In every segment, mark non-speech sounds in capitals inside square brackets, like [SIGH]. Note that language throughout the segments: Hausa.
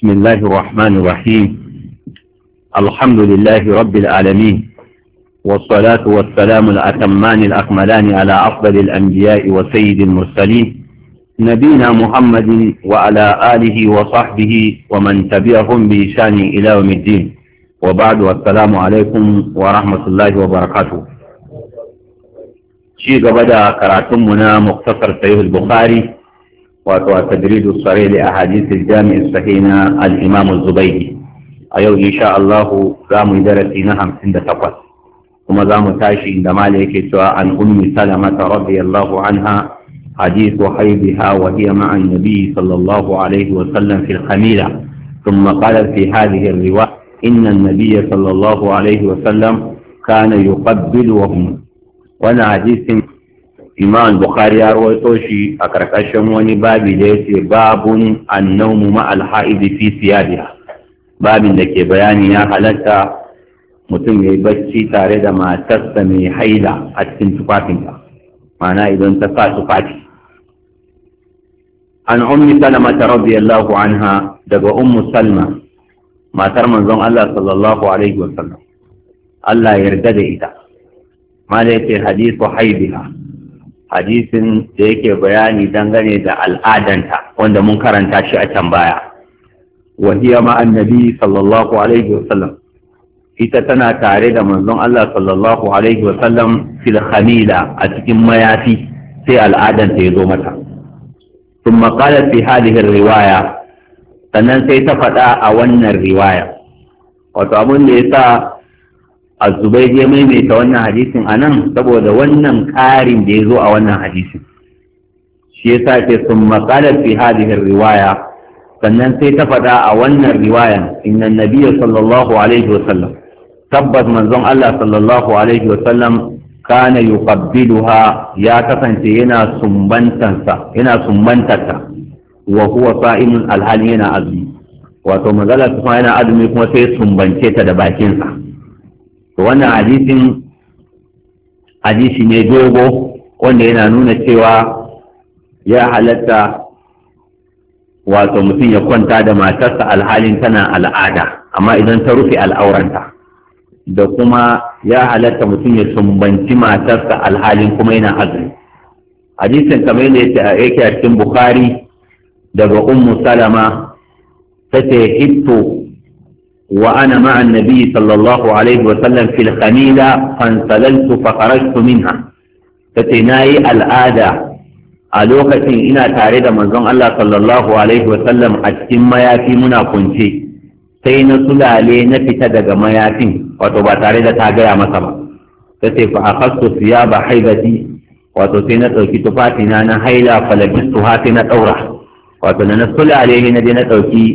بسم الله الرحمن الرحيم الحمد لله رب العالمين والصلاة والسلام الأتمان الأكملان على أفضل الأنبياء وسيد المرسلين نبينا محمد وعلى آله وصحبه ومن تبعهم بإشان إلى يوم الدين وبعد والسلام عليكم ورحمة الله وبركاته شيء بدأ كراتمنا مختصر سيد البخاري wato a tajridu sare da ahadithul jami'in sahih na al-imam az-zubaydi a yau insha Allah za mu yi darasi na hamsin da takwas kuma za mu tashi inda mali yake cewa an ummi salama ta radiyallahu anha حديث حيضها وهي مع النبي صلى الله عليه وسلم في الخميلة ثم قالت في هذه الرواية إن النبي صلى الله عليه وسلم كان يقبل وهم وانا حديث imam bukhari ya rawaito shi a karkashin wani babi da yake babun annawmu ma alhaidi fi siyabiha babin da ke bayani ya halatta mutum ya bacci tare da matarsa mai haila a cikin tufafinta ma'ana idan ta sa tufafi an ummi salama ta radiyallahu anha daga ummu salma matar manzon Allah sallallahu alaihi wasallam Allah ya yarda da ita ma da yake hadisu haibiha hadisin da yake bayani dangane da al'adanta wanda mun karanta shi a can baya wahiya ma annabi sallallahu alaihi wasallam ita tana tare da manzon Allah sallallahu alaihi wasallam fil khamila a cikin mayafi sai al'adanta ya zo mata thumma qalat fi hadhihi riwaya sannan sai ta faɗa a wannan riwaya wato da ya sa azubai ya maimaita wannan hadisin a nan saboda wannan ƙarin da ya zo a wannan hadisin shi ya sa ce sun matsalar fi hadihin riwaya sannan sai ta faɗa a wannan riwayan innan nabiya sallallahu alaihi wasallam tabbas manzon Allah sallallahu alaihi wasallam kana yuqabbiluha ya kasance yana sumbantansa yana sumbantarta wa huwa sa'imun alhali yana azumi wato manzala kuma yana azumi kuma sai sumbance ta da bakinsa to wannan hadisin hadisi ne dogo wanda yana nuna cewa ya halatta wato mutum ya kwanta da matarsa alhalin tana al'ada amma idan ta rufe al'auranta da kuma ya halatta mutum ya sumbanci matarsa alhalin kuma yana azumi hadisin kamar yadda yake a cikin bukhari daga ummu salama ta ce hitto وأنا مع النبي صلى الله عليه وسلم في الخميلة فانسللت فخرجت منها فتناي الآدى a lokacin ina tare da manzon Allah sallallahu alaihi wasallam a cikin mayafi muna kunce sai na sulale na fita daga mayafin wato ba tare da ta gaya masa ba ta ce fa akhastu thiyaba haibati wato sai na dauki tufafina na haila falabistu na daura wato na sulale na je na dauki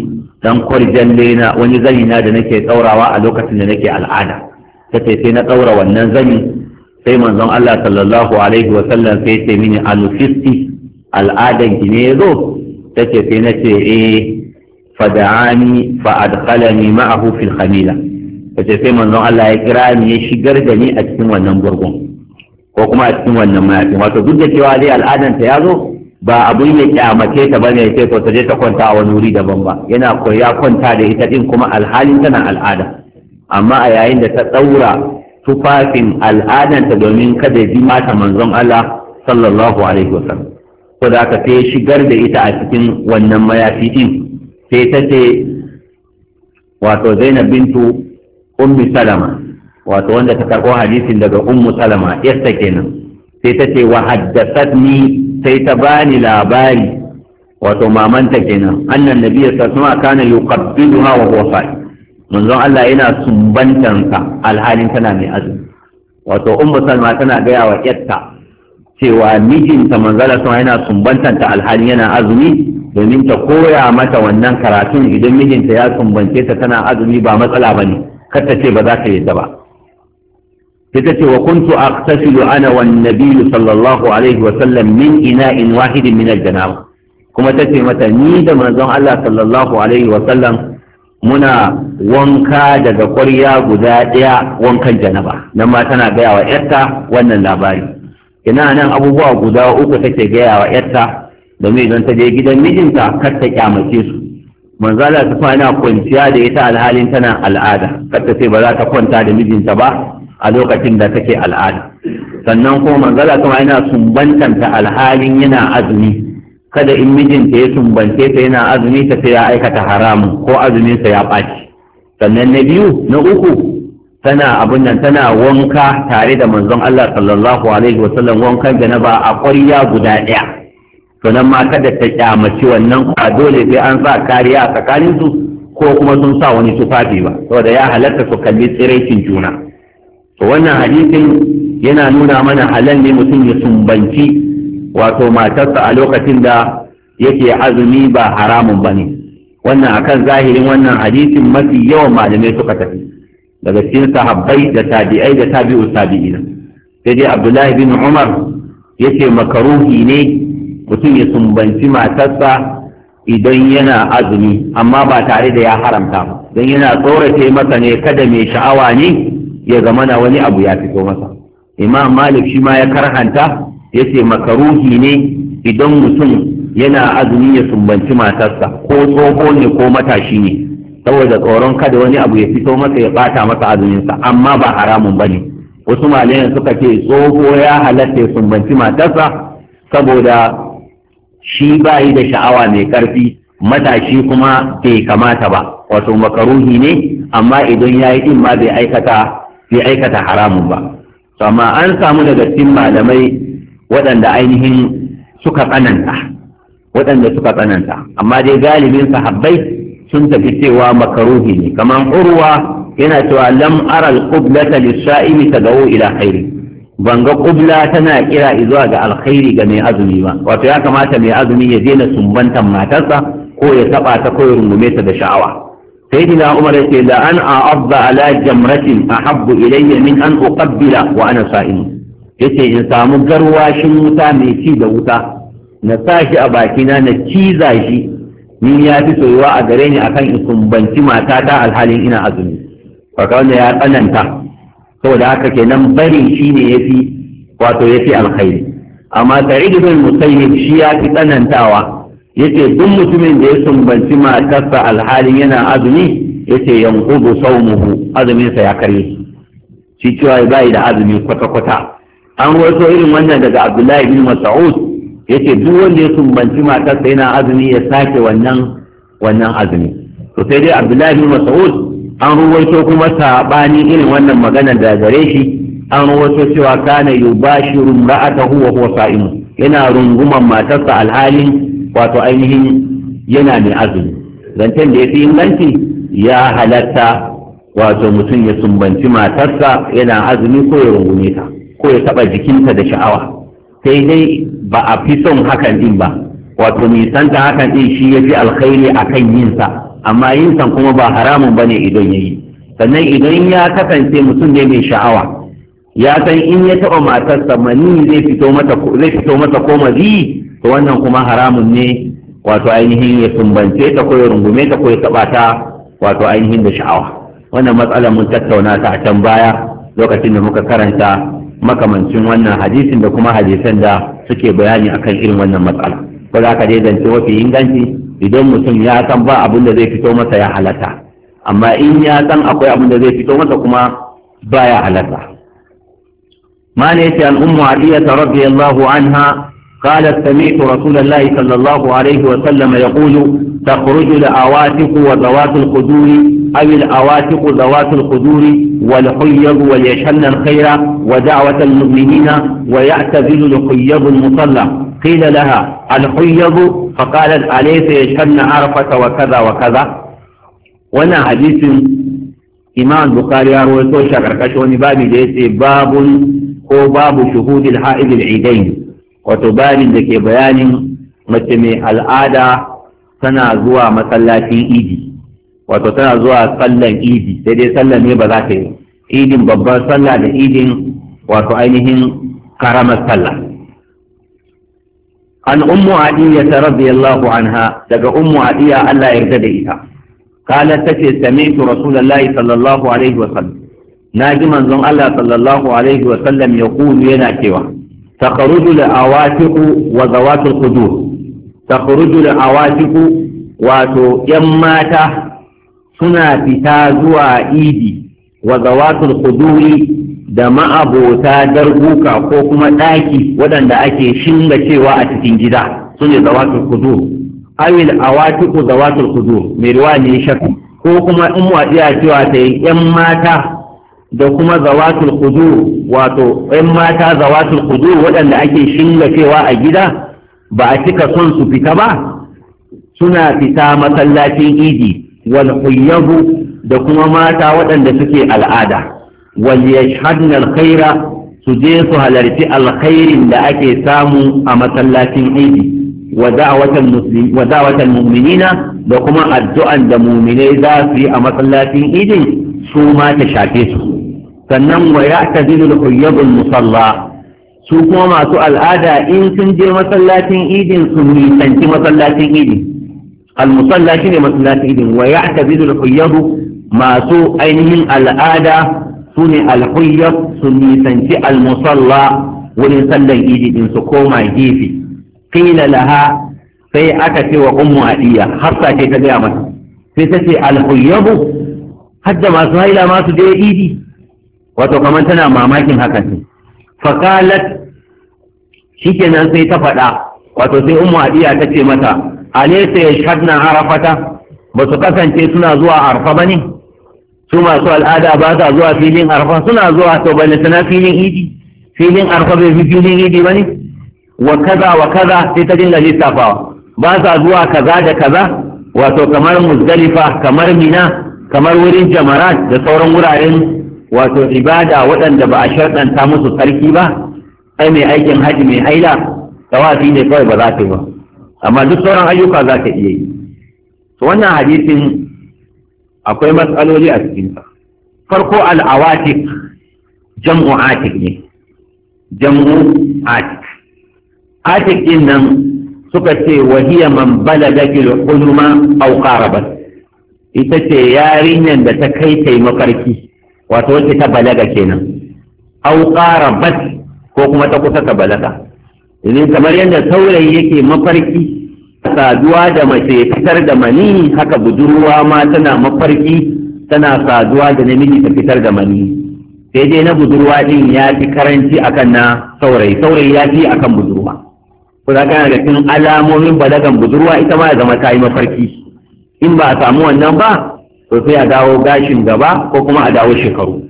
dan kwarjalle Lena wani zani na da nake tsaurawa a lokacin da nake al'ada ta ce sai na tsaura wannan zani sai manzon Allah sallallahu alaihi wa sallam sai ce mini alufisti al'adan ki ne yazo ta ce sai na ce eh fada'ani fa adkhalani ma'ahu fil khamila ta ce sai manzon Allah ya kira ni ya shigar da ni a cikin wannan gurgun ko kuma a cikin wannan mayafi wato duk da cewa dai al'adan ta yazo ba abun ya kyamace ta bane ya ce ko ta je ta kwanta a wani wuri daban ba yana ya kwanta da ita din kuma alhalin tana al'ada amma a yayin da ta daura tufafin al'adanta domin kada ya ji mata manzon Allah sallallahu alaihi wasallam ko da aka sai shigar da ita a cikin wannan mayafi din sai ta ce wato Zainab bintu Salama wato wanda ta karɓo hadisin daga Ummu Salama yasta kenan sai ta ce wa haddathatni sai ta bani labari wato mamanta kenan annan nabi ya sasuma kana yuqabbiluha wa huwa sa'i manzon Allah yana sumbantansa alhalin tana mai azumi wato ummu salma tana gaya wa yatta cewa mijinta manzala sama yana sumbantanta alhalin yana azumi domin ta koya mata wannan karatun idan mijinta ya sumbance ta tana azumi ba matsala bane kar ta ce ba za ta yadda ba sai ce wa kuntu aqtasilu ana wan nabiyyu sallallahu alaihi wa sallam min ina in min al-janaba kuma ta ce mata ni da manzon Allah sallallahu alaihi wa sallam muna wanka daga ƙwarya guda ɗaya wankan janaba nan ma tana gaya wa yarta wannan labari ina nan abubuwa guda uku take gaya wa yarta domin idan ta je gidan mijinta kar ta kyamace su manzala ta fana kwanciya da ita alhalin tana al'ada kar ta ce ba za ta kwanta da mijinta ba a lokacin da take al'ada sannan kuma manzala kuma yana sumbantanta alhalin yana azumi kada in mijinta ya sumbance ta yana azumi ta sai ya aikata haramun ko azuminsa ya ɓaci sannan na biyu na uku tana abin nan tana wanka tare da manzon Allah sallallahu alaihi wasallam wankan da na ba a ƙwarya guda ɗaya to ma kada ta kyamaci wannan a dole sai an sa kariya a tsakaninsu ko kuma sun sa wani tufafi ba saboda ya halatta su kalli tsiraicin juna to wannan hadisin yana nuna mana halal ne mutum ya sumbanci wato matarsa a lokacin da yake azumi ba haramun ba ne wannan akan zahirin wannan hadisin mafi yawan malamai suka tafi daga cikin sahabbai da tabi'ai da tabi'u tabi'ina sai dai abdullahi bin umar yace makaruhi ne mutum ya sumbanci matarsa idan yana azumi amma ba tare da ya haramta ba don yana tsorace masa ne kada mai sha'awa ne ya zamana wani abu ya fito masa imam malik shi ma ya karhanta ya ce makaruhi ne idan mutum yana azumi ya sumbanci matarsa ko tsoho ne ko matashi ne saboda tsoron kada wani abu ya fito masa ya bata masa azuminsa amma ba haramun ne. wasu malayan suka ce tsoho ya halatta ya sumbanci matarsa saboda shi ba yi da sha'awa mai karfi matashi kuma bai kamata ba wato makaruhi ne amma idan ya yi ɗin ma bai aikata bai aikata haramun ba to amma an samu daga cikin malamai waɗanda ainihin suka tsananta waɗanda suka tsananta amma dai galibin sahabbai sun tafi cewa makaruhi ne kamar urwa yana cewa lam aral qiblata lis gawo tadawu ila khairi ban ga qibla tana kira zuwa ga alkhairi ga mai azumi ba wato ya kamata mai azumi ya daina sumbantan matarsa ko ya taba ta ko ya rungume ta da sha'awa سيدنا عمر يقول لأن أعض على جمرة أحب إلي من أن أقبل وأنا صائم yace in samu garwashin wuta mai ci da wuta na sashi a bakina na ciza shi ni ya fi soyuwa a gare ni akan in mata matata alhalin ina azumi kaka wanda ya tsananta saboda haka kenan bari shi ne ya fi wato ya fi alkhairi amma tare da bin musayyib shi ya fi tsanantawa yace duk mutumin da ya sumbanci matarsa alhalin yana azumi yace yanqudu sawmuhu azumin sa ya karye shi cewa bai da azumi kwata kwata an wato irin wannan daga Abdullahi bin Mas'ud yace duk wanda ya sumbanci matarsa yana azumi ya sake wannan wannan azumi to sai dai Abdullahi bin Mas'ud an ruwaito kuma sabani irin wannan magana da gare shi an ruwaito cewa kana yubashiru ra'atahu wa huwa sa'imun yana runguman matarsa alhalin wato ainihin yana mai azumi zancen da ya fi inganci ya halatta wato mutum ya sumbanci matarsa yana azumi ko ya rungume ta ko ya taɓa jikinta da sha'awa sai dai ba a fi son hakan din ba wato nisanta hakan din shi ya fi alkhairi a kan yinsa amma yinsa kuma ba haramun ba ne idan ya yi sannan idan ya kasance mutum ne mai sha'awa ya san in ya taɓa matarsa mani zai fito mata ko mazi to wannan kuma haramun ne wato ainihin ya sumbance ta ko ya rungume ta ko ya taba ta wato ainihin da sha'awa wannan matsalar mun tattauna ta a can baya lokacin da muka karanta makamancin wannan hadisin da kuma hadisan da suke bayani akan irin wannan matsala ko za ka dai zance mafi inganci idan mutum ya san ba abin da zai fito masa ya halata amma in ya san akwai abin da zai fito masa kuma baya halata ما نيت yace an ummu aliyata radiyallahu anha قالت سمعت رسول الله صلى الله عليه وسلم يقول تخرج الأواتق وذوات القدور أو الأواتق ذوات القدور والحيض وليشن الخير ودعوة المؤمنين ويعتزل الحيض المصلى قيل لها الحيض فقالت أليس يشن عرفة وكذا وكذا وانا حديث إمام بخاري رويته كشوني بابي جيسي باب هو باب شهود الحائض العيدين wato bayanin da ke bayanin mace mai al'ada tana zuwa masallacin idi wato tana zuwa sallan idi sai dai sallan ne ba za ta yi idin babbar sallah da idin wato ainihin karamar sallah an ummu adiya ta radiyallahu anha daga ummu adiya Allah ya yarda da ita kala ta ce sami'tu rasulullahi sallallahu alaihi wa sallam na ji manzon Allah sallallahu alaihi wa sallam ya kulu yana cewa تخرج الأواتق وذوات القدور تخرج الأواتق واتو يماتا سنا فتازوا إيدي وذوات القدور da ma'abota darbuka ko kuma ɗaki waɗanda ake shinga cewa a cikin gida su ne zawatul kudur awil awatiku zawatul kudur mai ruwa ne shafi ko kuma in waɗiya cewa ta yi mata da kuma zawatul khudur wato 'yan mata zawatul Kudu waɗanda ake shingafewa a gida ba a cika son su fita ba suna fita masallacin idi wal huyyabu da kuma mata waɗanda suke al'ada wal yashhadna alkhaira su je su halarci alkhairin da ake samu a masallacin idi wa da'awatan mu'minina da kuma addu'an da mu'minai za su yi a masallacin idin su ma ta shafe su sannan wa ya ta zilul huyyabul musalla su kuma masu al'ada in sun je masallacin idin su nisanci masallacin idin al-musalla ne masallacin idin wa ya ta zilul huyyabu masu ainihin al'ada su ne al-huyyab su nisanci al-musalla wurin sallan idin, din su koma gefe qila laha sai aka ce wa ummu adiya hafsa ce ta gaya mata sai ta ce al-huyyabu hadda masu haila masu je idi wato kamar tana mamakin haka ne faqalat shikenan sai ta faɗa wato sai ummu adiya ta ce mata ya na arafata ba su kasance suna zuwa arfa ba ne su masu al'ada ba sa zuwa filin arfa suna zuwa to balantana filin idi filin arfa bai fi filin idi ba ne wa kaza wa kaza sai ta dinga lissafawa ba sa zuwa kaza da kaza wato kamar muzdalifa kamar mina kamar wurin jamarat da sauran wuraren wato ibada waɗanda ba a shaɗanta musu sarki ba ai mai aikin haji mai haila tawafi ne kawai ba za ta yi ba amma duk sauran ayyuka za ta iya yi to wannan hadisin akwai matsaloli a cikin farko al'awatik jam'u atik ne jam'u atik atik din nan suka ce wahiya man balaga fil hulma aw qarabat ita ce yarinyar da ta kai taimakarki wato wacce ta balaga kenan au bas ko kuma ta kusa ta balaga idan kamar yadda saurayi yake mafarki saduwa da mace fitar da mani haka budurwa ma tana mafarki tana saduwa da namiji ta fitar da mani sai dai na budurwa din ya fi karanci akan na saurayi saurayi ya fi akan budurwa ko za ka daga cikin alamomin balagan budurwa ita ma ya zama ta yi mafarki in ba a samu wannan ba to sai a dawo gashin gaba ko kuma a dawo shekaru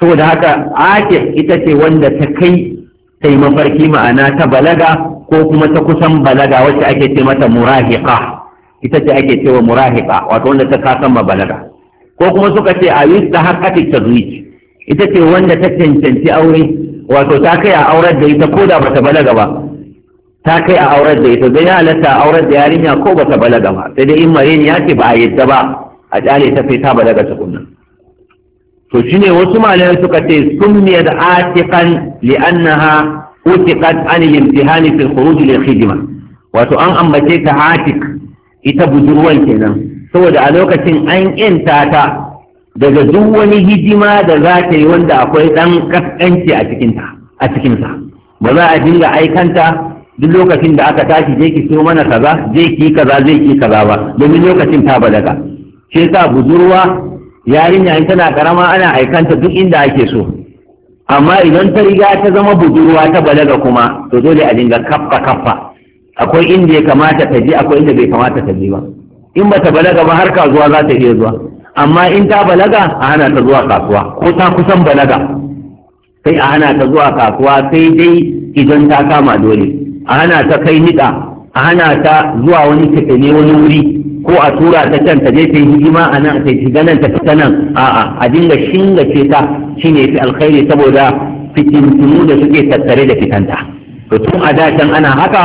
saboda haka ake ita ce wanda ta kai ta yi mafarki ma'ana ta balaga ko kuma ta kusan balaga wacce ake ce mata murahiqa ita ce ake cewa murahiqa wato wanda ta kasan ma balaga ko kuma suka ce a yi ta haƙaƙi tazwij ita ce wanda ta cancanci aure wato ta kai a aurar da ita ko da bata balaga ba ta kai a aurar da ita zai halatta a aurar da yarinya ko bata balaga ba sai dai in mare ya ce ba a yadda ba a kyale ta fita ba daga tukunna to shine wasu malamai suka ce summiyat atiqan li'annaha utiqat an al fil khuruj lil khidma wato an ambace ta atiq ita budurwan kenan saboda a lokacin an yanta ta daga duk wani hidima da za ta yi wanda akwai dan kaskanci a cikinta a cikinsa ba za a dinga aikanta duk lokacin da aka tashi je ki so mana kaza je ki kaza zai ki kaza ba domin lokacin ta balaga shi yasa budurwa yarinya in tana karama ana aikanta duk inda ake so amma idan ta riga ta zama budurwa ta balaga kuma to dole a dinga kaffa kaffa akwai inda ya kamata ta je akwai inda bai kamata ta je ba in bata balaga ba har kasuwa za ta iya zuwa amma in ta balaga a hana ta zuwa kasuwa ko ta kusan balaga sai a hana ta zuwa kasuwa sai dai idan ta kama dole a hana ta kai niƙa a hana ta zuwa wani tafe wani wuri ko a tura ta can ta je ta yi hidima a nan ta shiga nan ta fita nan a'a a dinga shinga ce ta shine fi alkhairi saboda fitintunu da suke tattare da fitanta to tun a da can ana haka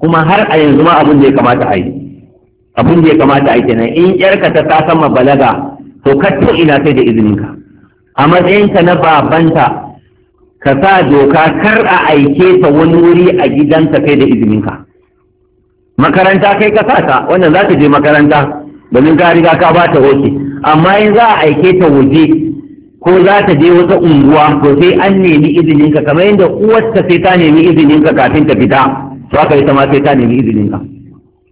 kuma har a yanzu ma abin da ya kamata a yi abin da ya kamata a yi kenan in yarka ta sama balaga to katto ina sai da izininka a matsayinka na babanta ka sa doka kar a aike ta wani wuri a gidanka sai da izininka makaranta kai ka sata wannan za ta je makaranta domin ka riga ka ba ta hoki amma in za a aike ta waje ko za ta je wata unguwa to sai an nemi izinin ka kamar yadda uwarta sai ta nemi izinin ka kafin ta fita to haka ita ma sai ta nemi izinin ka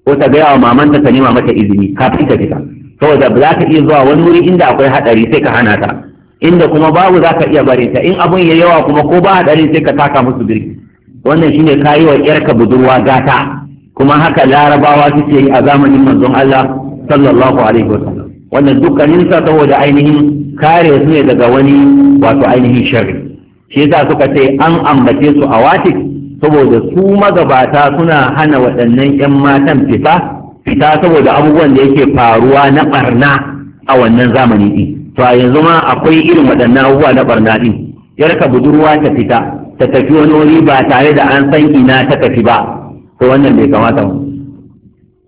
ko ta gaya wa mamanta ta nema mata izini kafin ta fita saboda ba za ta iya zuwa wani wuri inda akwai hadari sai ka hana ta inda kuma babu za ka iya barin ta in abun ya yawa kuma ko ba hadari sai ka taka musu birki wannan shine kayi wa yarka budurwa gata kuma haka larabawa suke yi a zamanin manzon Allah sallallahu alaihi wasallam wannan dukkanin sa saboda ainihin kare su ne daga wani wato ainihin sharri shi yasa suka ce an ambace su a watik saboda su magabata suna hana waɗannan 'yan matan fita fita saboda abubuwan da yake faruwa na barna a wannan zamani din to a yanzu ma akwai irin waɗannan abubuwa na barna din yarka budurwa ta fita ta tafi wani wuri ba tare da an san ina ta tafi ba ko wannan bai kamata mu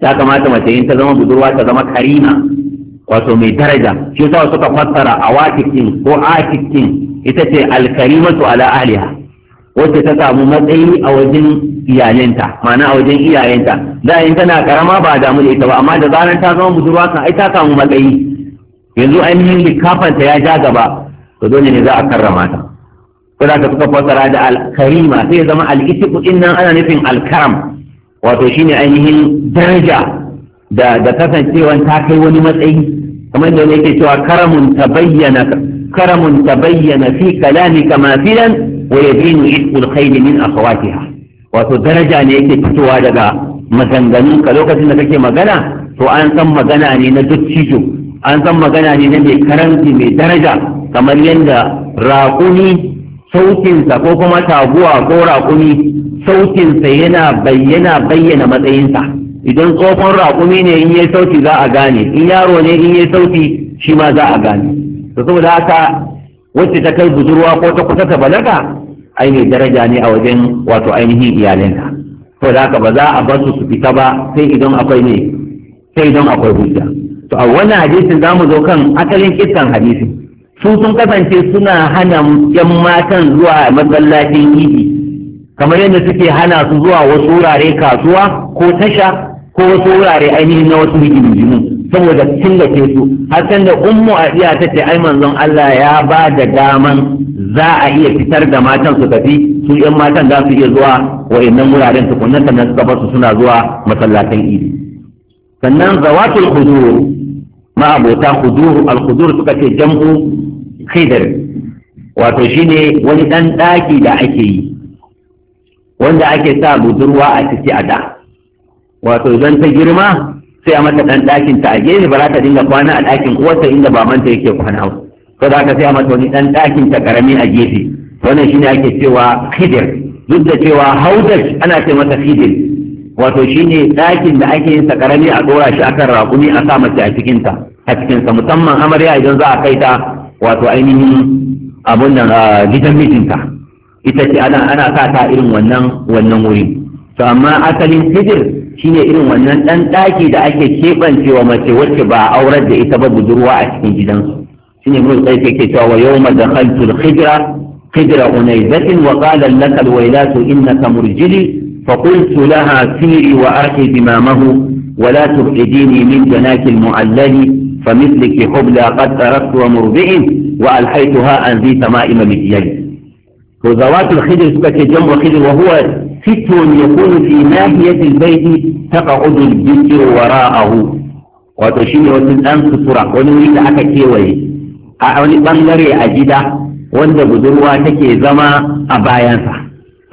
ya kamata mace in ta zama budurwa ta zama karina wato mai daraja shi yasa suka fassara awatikin ko atikin ita ce alkarimatu ala ahliha wacce ta samu matsayi a wajen iyalinta ma'ana a wajen iyayenta da in tana karama ba damu da ita ba amma da zaran ta zama budurwa kan ai ta samu matsayi yanzu ainihin likafanta ya ja gaba to dole ne za a karrama ta ko da suka fassara da alkarima sai ya zama al'itiku nan ana nufin alkaram wato shine ainihin daraja da da kasancewan ta kai wani matsayi kamar da yake cewa karamun tabayyana karamun tabayyana fi kalamika filan. wa yadinu isqul khayl min akhawatiha wato daraja ne yake fitowa daga maganganun ka lokacin da kake magana to an san magana ne na duk an san magana ne na mai karanti mai daraja kamar yadda raƙumi sautinsa ko kuma taguwa ko raƙumi sa yana bayyana bayyana sa. idan tsohon raƙumi ne in yi sauti za a gane in yaro ne in yi sauti shi ma za a gane to saboda haka wacce ta kai budurwa ko ta kusa ta balaga ai daraja ne a wajen wato ainihin iyalinka da haka ba za a bar su fita ba sai idan akwai ne sai idan akwai hujja to a wannan hadisin za mu zo kan asalin kiskan hadisi su sun kasance suna hana yan matan zuwa masallacin idi kamar yadda suke hana su zuwa wasu wurare kasuwa ko tasha ko wasu wurare ainihin na wasu rigingimu saboda killace su har can da ummu iya ta ce ai manzon Allah ya ba da daman za a iya fitar da matan su tafi su yan matan za su iya zuwa wa'annan wuraren tukunna sannan suka basu suna zuwa masallatan idi sannan zawatul hudur ma abota hudur al hudur suka ce jam'u khidr wato shine wani dan daki da ake yi wanda ake sa budurwa a ciki a da wato idan ta girma sai a mata ɗan dakin ta a gefe ba za ta dinga kwana a ɗakin uwarta inda babanta yake kwana ba ko za ka sai a mata wani ɗan dakin ta karami a gefe wannan shine ake cewa khidir duk da cewa haudaj ana ce mata khidir wato shine ɗakin da ake yin sa karami a ɗora shi akan raƙumi a sa mace a cikin ta a cikin sa musamman amarya idan za a kai ta wato ainihin abun nan ah, gidan mijinta ita ce ana ana sa ta irin wannan wannan wuri to amma asalin hijir shine irin wannan dan daki da ake kebancewa mace wacce ba aurar da ita ba budurwa a cikin gidansu shine mun sai yake cewa wa yawma dakhaltu al-hijra hijra unayzatin wa qala laka al-waylatu innaka murjili فقلت لها سيري وأرحي بمامه ولا تبعديني من جناك المعلل فمثلك حبلى قد تركت ومربع وألحيتها عن ذي سماء ممديل to zawatul khidr suka ce jam'u khidr wa huwa fitun yakunu fi nahiyati albayt taqa'udu al wara'ahu wato shine wani dan sutura wani wuri da aka kewaye a wani bangare a gida wanda budurwa take zama a bayansa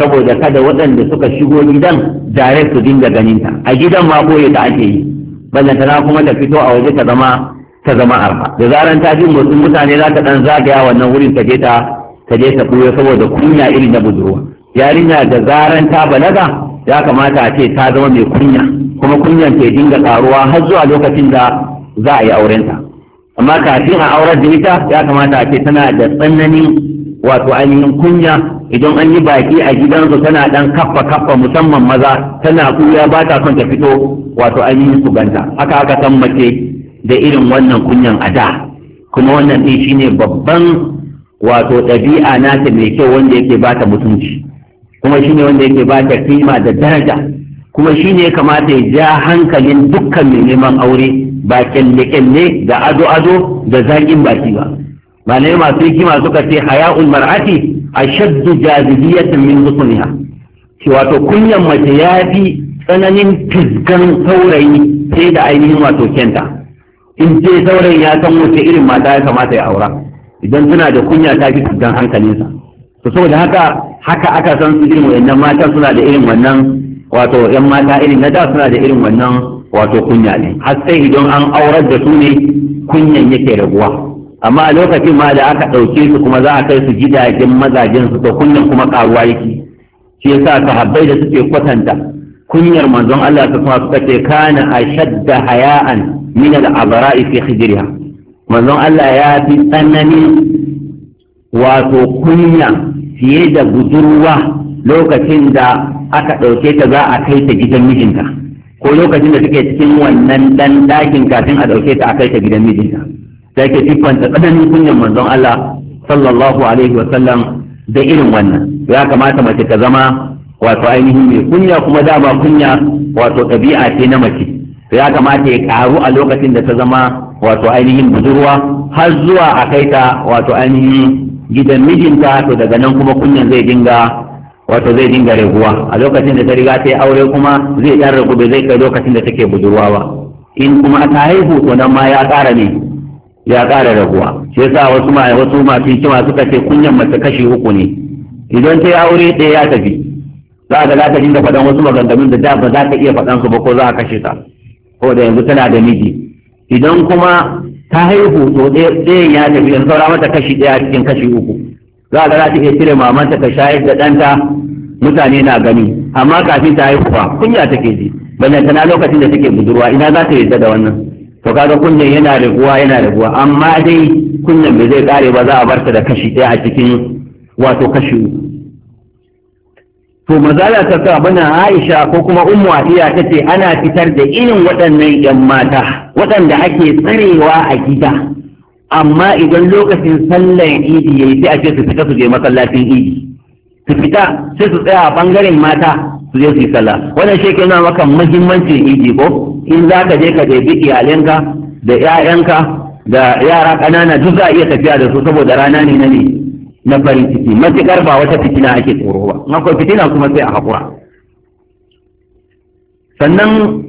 saboda kada waɗanda suka shigo gidan dare su dinga ganinta a gidan ma koyi da ake yi ballantana kuma ta fito a waje ta zama ta zama arha da zaran ta ji motsin mutane za ta dan zagaya wannan wurin ta je ta ta je ta buya saboda kunya irin na budurwa yarinya da zaran ta balaga ya kamata a ce ta zama mai kunya kuma kunyan ke dinga ƙaruwa har zuwa lokacin da za a yi aurenta amma kafin a aurar da ita ya kamata a ce tana da tsananin wato ainihin kunya idan an yi baki a gidansu tana dan kaffa kaffa musamman maza tana kuya ba ta son ta fito wato ainihin su ganta haka aka san mace da irin wannan kunyan a da kuma wannan din shine babban wato ɗabi'a nata mai kyau wanda yake ba ta mutunci kuma shine wanda yake ba ta kima da daraja kuma shine ne kamata ya ja hankalin dukkan mai neman aure ba kyalle-kyalle da ado-ado da zaƙin baki ba malamai masu hikima suka ce haya'ul mar'ati shaddu jazibiyatin min husniha ki wato kunyan mace ya fi tsananin fisgan saurayi sai da ainihin wato kenta in ce saurayin ya san wace irin mata ya kamata ya aura idan suna da kunya ta fi dan hankalinsa to saboda haka haka aka san su irin wayannan mata suna da irin wannan wato yan mata irin na da suna da irin wannan wato kunya ne har sai idan an aurar da su ne kunyan yake raguwa amma a lokacin ma da aka ɗauke su kuma za a kai su gidajen mazajen su to kunyan kuma karuwa yake shi yasa sahabbai da suke kwatanta kunyar manzon Allah ta kuma suka ce kana ashadda haya'an min al-abra'i fi hijriha manzon Allah ya fi tsanani wato kunya fiye da budurwa lokacin da aka ɗauke ta za a kai ta gidan mijinta ko lokacin da take cikin wannan ɗan ɗakin kafin a ɗauke ta a kai ta gidan mijinta da ke siffanta tsananin kunyan manzon Allah sallallahu alaihi wasallam da irin wannan ya kamata mace ta zama wato ainihin mai kunya kuma dama kunya wato ɗabi'a ce na mace ya kamata ya karu a lokacin da ta zama wato ainihin budurwa har zuwa a kai ta wato ainihin gidan mijinta to daga nan kuma kunyan zai dinga wato zai dinga raguwa a lokacin da ta riga ta yi aure kuma zai dan ragu bai zai kai lokacin da take budurwa ba in kuma ta haihu to nan ma ya ƙara ne ya ƙara raguwa shi yasa wasu ma wasu masu hikima suka ce kunyan mace kashi uku ne idan ta yi aure ɗaya ya tafi za ka za ka dinga faɗan wasu maganganun da da ba za ka iya faɗan su ba ko za a kashe ta ko da yanzu tana da miji idan kuma ta haihu to ɗayan ya tafi yanzu saura mata kashi ɗaya cikin kashi uku za a za ta iya cire mamanta ta shayar da ɗanta mutane na gani amma kafin ta haihu fa kunya take ji bayan tana lokacin da take budurwa ina za ta yadda da wannan to kaga kunyan yana raguwa yana raguwa amma dai kunyan bai zai kare ba za a bar da kashi ɗaya a cikin wato kashi uku to mazala ta sa mana Aisha ko kuma Ummu Atiya tace ana fitar da irin waɗannan 'yan mata waɗanda ake tsarewa a gida amma idan lokacin sallar idi yayi sai a su fita su je masallacin idi su fita sai su tsaya a bangaren mata su je su yi sallah wannan shi ke nuna maka muhimmancin idi ko in za ka je ka ɗebi iyalinka da 'ya'yanka da yara ƙanana duk za a iya tafiya da su saboda rana ne na ne na farin ciki matuƙar ba wata fitina ake tsoro ba akwai fitina kuma sai a haƙura sannan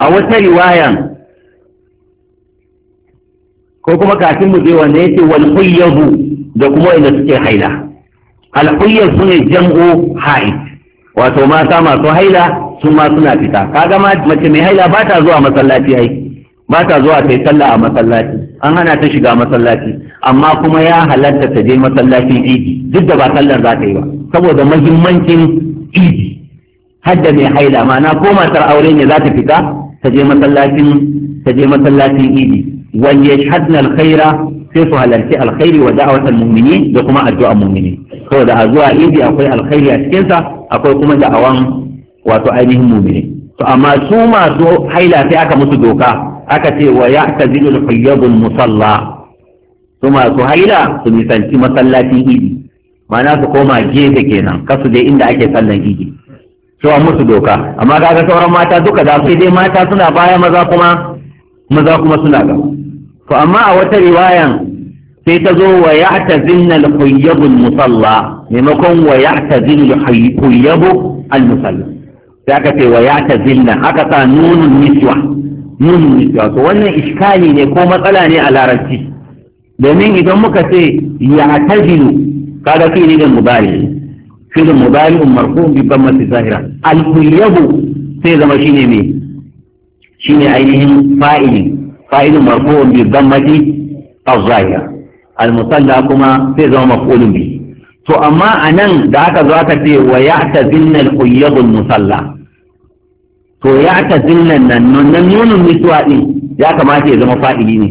a wata riwayan ko kuma kafin mu je wanda yake wal da kuma inda suke haila al huyyah sune jam'u haid wato mata masu haila su ma suna fita kaga ma mace mai haila ba ta zuwa masallaci ai ba ta zuwa ta yi sallah a masallaci an hana ta shiga masallaci amma kuma ya halatta ta je masallacin idi duk da ba sallar za ta yi ba saboda mahimmancin idi hadda mai haila ma'ana ko matar aure ne za ta fita ta je masallacin ta je masallacin idi wal yashhadna alkhaira sai su halarci alkhairi wa da'awatul mu'minin da kuma addu'a mu'mini saboda a zuwa idi akwai alkhairi a cikin sa akwai kuma da'awan wato ainihin mu'mini to amma su masu haila sai aka musu doka aka ce wa ya'tazilu al-hayyabul musalla su masu haila su nisanci masallacin idi ma'ana su koma gefe kenan kasu je inda ake sallan idi Su cewa musu doka amma kaga sauran mata duka za su dai mata suna baya maza kuma maza kuma suna gaba to amma a wata riwayan sai ta zo wa ya'tazinna al-khuyyabu al-musalla maimakon wa ya'tazinna al-khuyyabu al-musalla sai aka ce wa zinna. aka sa nunun niswa nunun niswa to wannan iskali ne ko matsala ne a larabci domin idan muka ce ya tajilu kaga fi ne mubari fi da mubari marfu bi ban masu zahira alkulyabu sai zama shi shine me ne ainihin fa'ili fa'ilun marfu bi ban masu zahira almusalla kuma sai zama maf'ulun bi to amma a nan da aka zo aka ce wa zinna alkulyabul musalla to ya ya'tazinna nan nan nunun mutuwa din ya kamata ya zama fa'ili ne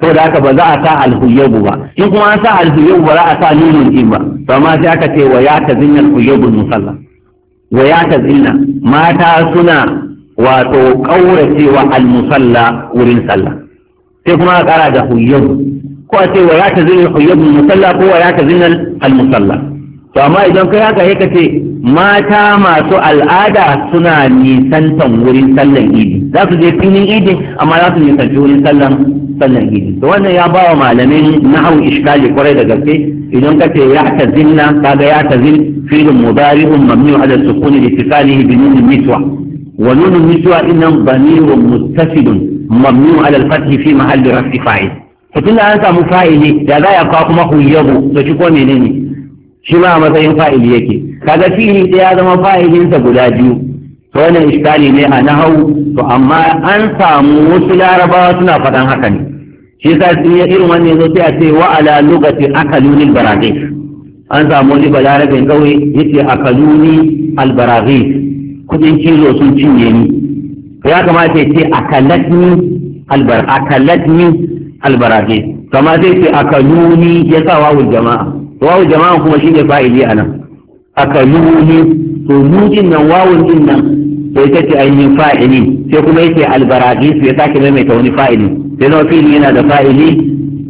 to da haka ba za a sa alhuyabu ba in kuma an sa alhuyabu ba za a sa nunun in ba to amma sai aka ce wa ya ta zinna alhuyabu musalla wa ya ta zinna mata suna wato kauracewa almusalla wurin sallah sai kuma a kara da huyabu ko a ce wa ya ta zinna alhuyabu musalla ko wa ya ta zinna almusalla to amma idan kai haka sai ka ce mata masu al'ada suna nisantan wurin sallan idi za su je filin idi amma za su nisanci wurin sallan Sannan idi to wannan ya ba wa malamin nahawu iskali kwarai da gaske idan ka ce ya ta zinna ga ya ta zin filin mudarihun mamnu ala sukuni da tisalihi bi nunin miswa wa nunin miswa innan bamirun mustasidun mamnu ala alfathi fi mahalli rafi fa'il to tunda an samu fa'ili da za ya kawo kuma huyyabu to shi ko menene shi ma a matsayin fa'ili yake kaga fi'ili ɗaya zama fa'ilinsa guda biyu wannan iskali ne a nahau to amma an samu wasu larabawa suna faɗan haka ne shi yasa sun yi irin wannan yanzu sai a ce wa ala lugati akalunil barazis an samu wani balarabin kauye yace akaluni albarazis kudin kilo sun cinye ni ya kamata ya ce akalatni albar akalatni albarazis kama sai ce akaluni ya sa wawul jama'a wawul jama'a kuma shi ne fa'ili anan akaluni to nujin nan wawun din nan da ita ce ainihin fa'ili sai kuma yake albaragis ya sake maimaita wani fa'ili sai na fili yana da fa'ili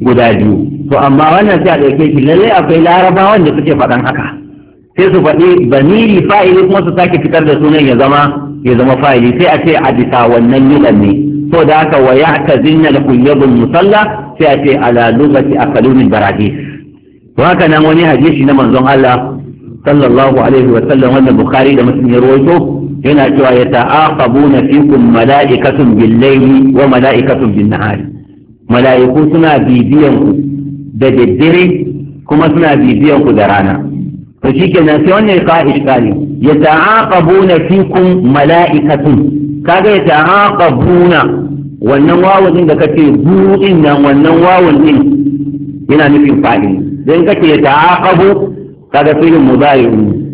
guda biyu to amma wannan sai a ɗauke shi lallai akwai larabawan da suke faɗan haka sai su faɗi baniri fa'ili kuma su sake fitar da sunan ya zama ya zama fa'ili sai a ce a bisa wannan lugan ne to da haka wa ya ta zinna da kuyyabun musalla sai a ce ala lugati akalumin baragis to haka nan wani hadisi na manzon Allah sallallahu alaihi wa sallam wanda Bukhari da Muslim ya rawaito yana cewa ya ta'aqabuna fikum mala'ikatun bil layli wa mala'ikatun bin nahari mala'iku suna bibiyan ku da daddare kuma suna bibiyan ku da rana to shikenan sai wannan ka iskali ya ta'aqabuna fikum mala'ikatun kaga ya na wannan wawun da kace bu'in nan wannan wawun din yana nufin fa'il dan kace ya ta'aqabu kaga filin mudari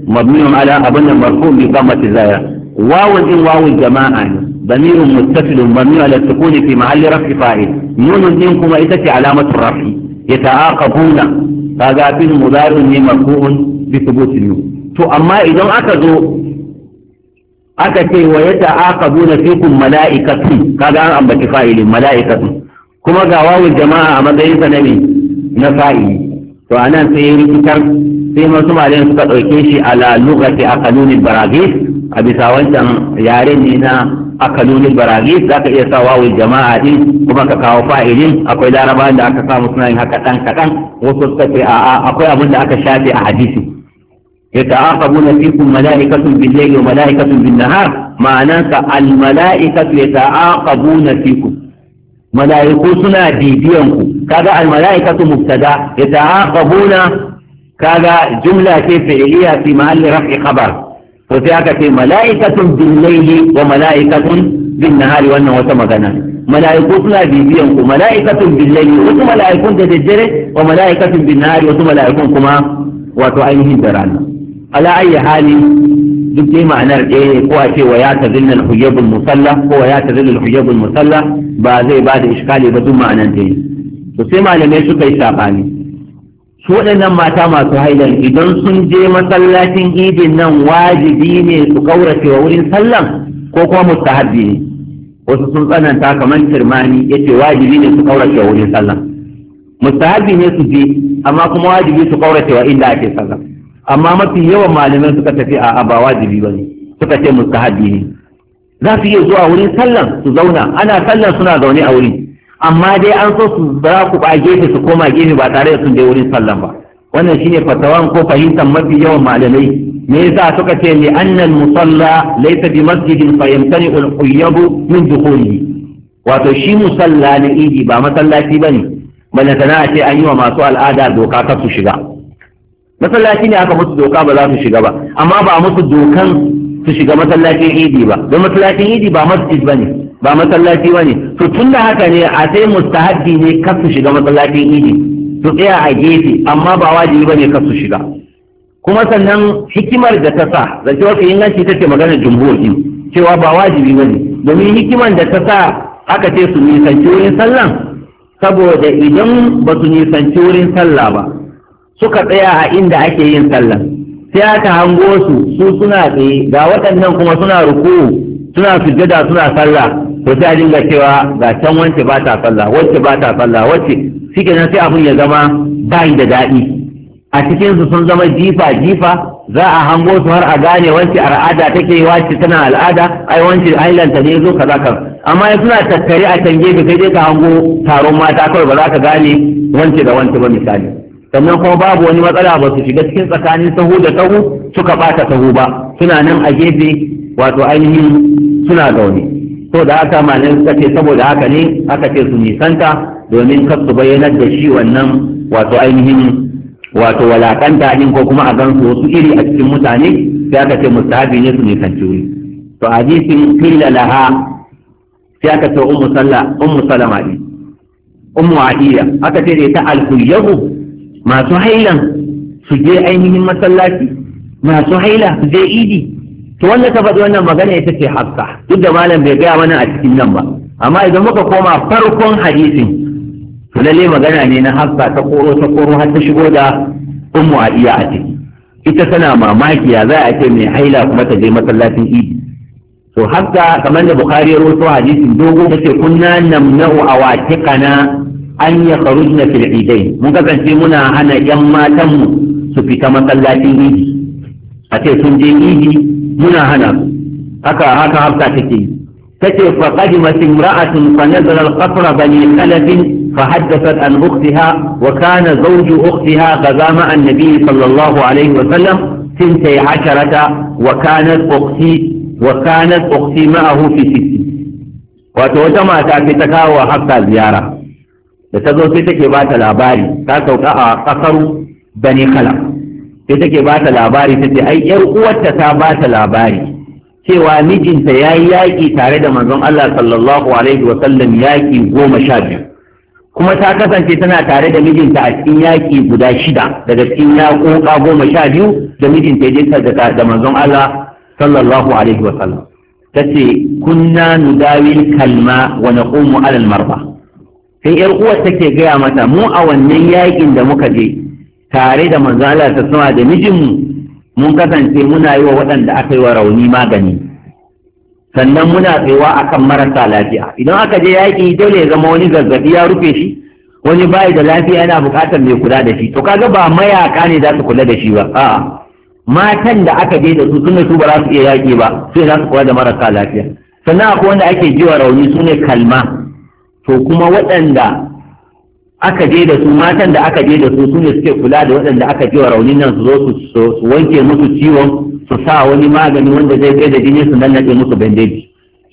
mabniun ala abin da marfu bi qamati zaya wawun din jama'a ne ضمير متصل مبني على السكون في محل رفع فاعل نون din kuma ita ce alamatu rafi yata'aqabuna kaga bin mudarun ne marfu'un bi thubuti nun to amma idan aka zo aka ce wa yata'aqabuna fikum mala'ikatu kaga an ambaci fa'ilin mala'ikatu kuma ga wawun jama'a a matsayin sa na fa'ili to anan sai rikitar sai masu suka ɗauke shi ala lugati a kanunin barazil a bisa wancan yare ne na akalulin baragi za ka iya sa wawul jama'a din kuma ka kawo fa'ilin akwai laraba da aka samu suna yin haka ɗan kaɗan wasu suka ce a'a akwai abin da aka shafe a hadisi يتعاقبون فيكم ملائكة بالليل وملائكة بالنهار معناه الملائكة يتعاقبون فيكم ملائكة سنا ديبيانكم كذا الملائكة مبتدا kaga jumla جملة فعلية في محل rafi خبر to sai aka ce mala'ikatun bin wa mala'ikatun bin nahari wannan wata magana mala'iku suna bibiyan ku mala'ikatun bin laili wasu mala'ikun da daddare wa mala'ikatun bin nahari wasu mala'ikun kuma wato ainihin da rana ala ayyi hali duk dai ma'anar ɗaya ko a ce wa ya ta al-hujjabul musalla ko wa ya ta al-hujjabul musalla ba zai ba da iskali ba duk ma'anar ɗaya to sai malamai suka yi sabani su waɗannan mata masu haidar idan sun je masallacin idin nan wajibi ne su kaurace wa wurin sallan ko kuma mustahabbi ne wasu sun tsananta kamar kirmani ya ce wajibi ne su kaurace wa wurin sallan mustahabbi ne su je amma kuma wajibi su kaurace wa inda ake sallan amma mafi yawan malamai suka tafi a ba wajibi ba ne suka ce mustahabbi ne za su iya zuwa wurin sallan su zauna ana sallan suna zaune a wurin amma dai an so su ba ku ba gefe su koma gefe ba tare da sun je wurin sallan ba wannan shine fatawan ko fahimtar mafi yawan malamai me yasa suka ce ni annal musalla laysa bi masjidin fa yamtani al quyab min dukhulihi wato shi musalla na idi ba masallaci bane balla tana ce an yi wa masu al'ada doka ta su shiga masallaci ne aka musu doka ba za su shiga ba amma ba musu dokan su shiga masallacin idi ba don masallacin idi ba masjid bane ba masallaci ba ne to tun da haka ne a sai mustahabbi ne kar su shiga masallacin idi su tsaya a gefe amma ba wajibi ba ne kar su shiga kuma sannan hikimar da ta sa da zance wata inganci ta ce magana jumhur din cewa ba wajibi ba ne domin hikimar da ta sa aka ce su nisanci wurin sallan saboda idan ba su nisanci wurin sallah ba suka tsaya a inda ake yin sallah sai aka hango su su suna tsaye ga waɗannan kuma suna ruku suna sujjada suna sallah to sai a dinga cewa ga can wance ba ta sallah wacce ba ta sallah wacce shike nan sai abun ya zama bayi da daɗi a cikin su sun zama jifa jifa za a hango su har a gane wacce al'ada take yi wacce tana al'ada ai wacce ailanta ne zo kaza kan amma ya suna tattare a can gefe kai dai ka hango taron mata kawai ba za ka gane wance da wance ba misali sannan kuma babu wani matsala ba su shiga cikin tsakanin sahu da sahu suka bata sahu ba suna nan a gefe wato ainihin suna zaune to da haka malin suka ce saboda haka ne aka ce su nisanta domin kar su bayyanar da shi wannan wato ainihin wato walakanta din ko kuma a gansu wasu iri a cikin mutane sai aka ce mustahabi ne su nisanci wuri to a hadisin qila laha sai aka ce ummu salla ummu salama din ummu aiya aka ce da ta alkuyahu masu hailan su je ainihin masallaci masu haila su je idi to wanda ta faɗi wannan magana ita ce haska duk da malam bai gaya mana a cikin nan ba amma idan muka koma farkon hadisin to lalle magana ne na hafsa ta koro ta koro har ta shigo da ummu adiya a ciki ita tana mamaki ya za a ce mai haila kuma ta je masallacin idi to hafsa kamar da bukhari ya rawaito hadisin dogo ce, kunna namna'u awatikana an ya kharujna fil idain mun kasance muna hana yan matanmu su fita masallacin idi a ce sun je idi muna hana su haka haka hafsa take yi take fa qadimat imra'atun fa nazala al-qatra bani khalaf fa haddathat an ukhtiha wa kana zawju ukhtiha gaza ma'a an-nabi sallallahu alaihi wa sallam ثنتي عشرة وكانت أختي وكانت أختي wata mata ستي وتوتما تاكتكا وحفتا ziyara. da ta zo sai take ba ta labari ta sauka a ƙasar bani khalaf sai take ba ta labari ta ce ai yar uwarta ta ba ta labari cewa mijinta ya yi yaƙi tare da manzon Allah sallallahu alaihi wa sallam yaƙi goma sha biyu kuma ta kasance tana tare da mijinta a cikin yaƙi guda shida daga cikin yaƙoƙa goma sha biyu da mijinta ya je da manzon Allah sallallahu alaihi wa sallam ta ce kunna nudawil kalma wa naqumu alal marba sai yar uwar take gaya mata mu a wannan yaƙin da muka je tare da manzo Allah ta sama da mijinmu mun kasance muna yi wa waɗanda aka yi wa rauni magani sannan muna tsayawa akan marasa lafiya idan aka je yaƙi dole ya zama wani zazzabi ya rufe shi wani bayi da lafiya yana buƙatar mai kula da shi to kaga ba mayaka ne za su kula da shi ba a matan da aka je da su sun su ba za su iya yaƙi ba sai za su kula da marasa lafiya sannan akwai wanda ake jiwa rauni su ne kalma to kuma waɗanda aka je da su matan da aka je da su su ne suke kula da waɗanda aka ji wa raunin nan su zo su wanke musu ciwon su sa wani magani wanda zai kai da jini su nannaɗe musu bandeji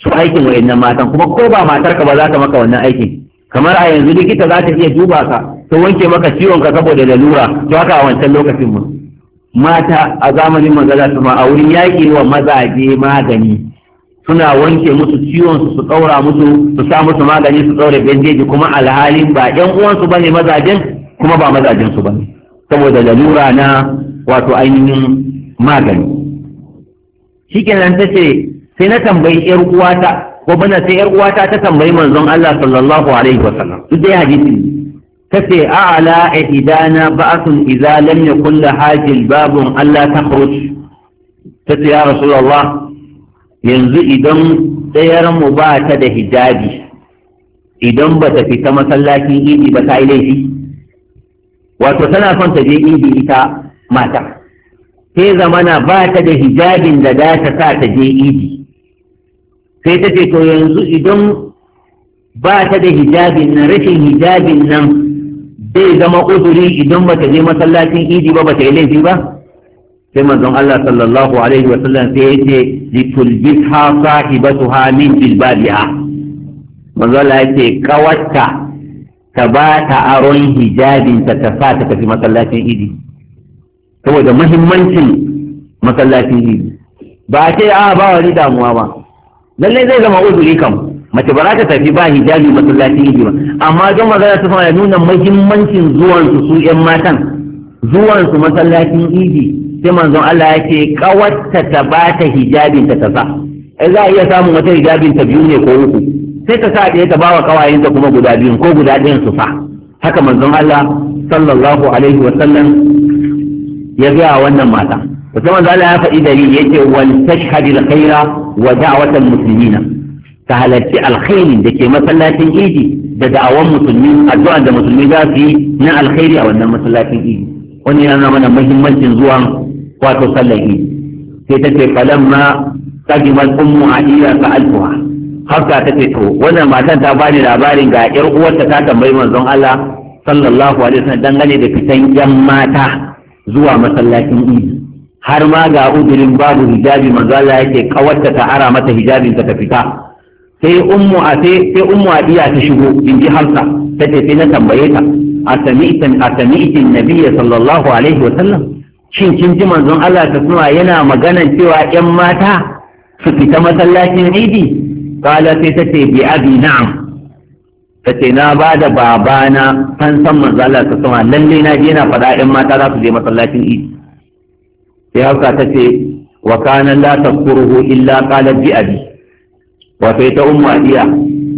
su aikin wa'annan matan kuma ko ba matarka ba za ta maka wannan aikin kamar a yanzu likita za ta iya duba ka ta wanke maka ciwon ka saboda lalura to haka a wancan lokacin mu mata a zamanin magana za su ma a wurin yaƙi wa mazaje magani suna wanke musu ciwon su ɗaura musu su sa musu magani su ɗaure ganjeji kuma alhalin ba 'yan uwansu ba ne mazajen kuma ba mazajen su ba ne saboda lalura na wato ainihin magani shikenan ta ce sai na tambayi 'yar uwata ko bana sai 'yar uwata ta tambayi manzon Allah sallallahu alaihi wa sallam duk dai hadisi ta ce a'ala ihdana ba'athun idza lam yakul lahajil babun Allah takhruj ta ce ya rasulullah yanzu idan tsayar mu ba ta da hijabi idan ba ta fita masallacin idi ba ta yi laifi wato tana son ta je idi ita mata sai zamana ba ta da hijabin da za ta sa ta je idi sai ta ce to yanzu idan ba ta da hijabin nan rashin hijabin nan zai zama uzuri idan ba ta je masallacin idi ba ba ta yi laifi ba sai manzon Allah sallallahu alaihi wa sallam sai ya ce sahibatu ha min jilbabiha manzon Allah ya ce kawarta ta ba ta aron hijabinta ta sa ta tafi masallacin idi saboda muhimmancin masallacin idi ba ce a ba ni damuwa ba lallai zai zama uzuri kam mace ba za ta tafi ba hijabi masallacin idi ba amma don magana su fara nuna muhimmancin zuwansu su 'yan matan zuwansu masallacin idi sai manzon Allah ya ce kawatta ta ba ta hijabin ta sa ai eh, za a iya samun wata hijabin ta biyu ne ko uku sai ta sa ɗaya ta ba wa kawayenta kuma guda biyun ko guda ɗayan su sa haka manzon Allah sallallahu alaihi wa sallam ya ga wannan mata to manzon Allah ya faɗi dari ce wal tashhadil khaira wa watan muslimina ta halarci alkhairin da ke masallacin idi da da'awan musulmi addu'a da musulmi za su yi na alkhairi a wannan masallacin idi Wannan yana mana muhimmancin zuwa wato sallar idi sai ta ce falamma kajimal ummu adiya ka alfuha hafsa ta ce to wannan matan ta ba ni labarin ga yar uwarta ta tambayi manzon Allah sallallahu alaihi wasallam dangane da fitan yan mata zuwa masallacin idi har ma ga udurin babu hijabi manzo Allah yake kawarta ta ara mata hijabin ta fita sai ummu a sai ummu adiya ta shigo in ji hafsa ta ce sai na tambaye ta a sami'tin a sami'tin nabiyyi sallallahu alaihi wasallam shin kin ji manzon Allah ta suna yana magana cewa ƴan mata su fita masallacin idi kala sai ta ce bi abi na'am ta ce na ba da babana san san manzon Allah ta suna lalle na je na faɗa ƴan mata za su je masallacin idi sai hausa ta ce wa kana la taqruhu illa qala bi abi wa sai ta umma iya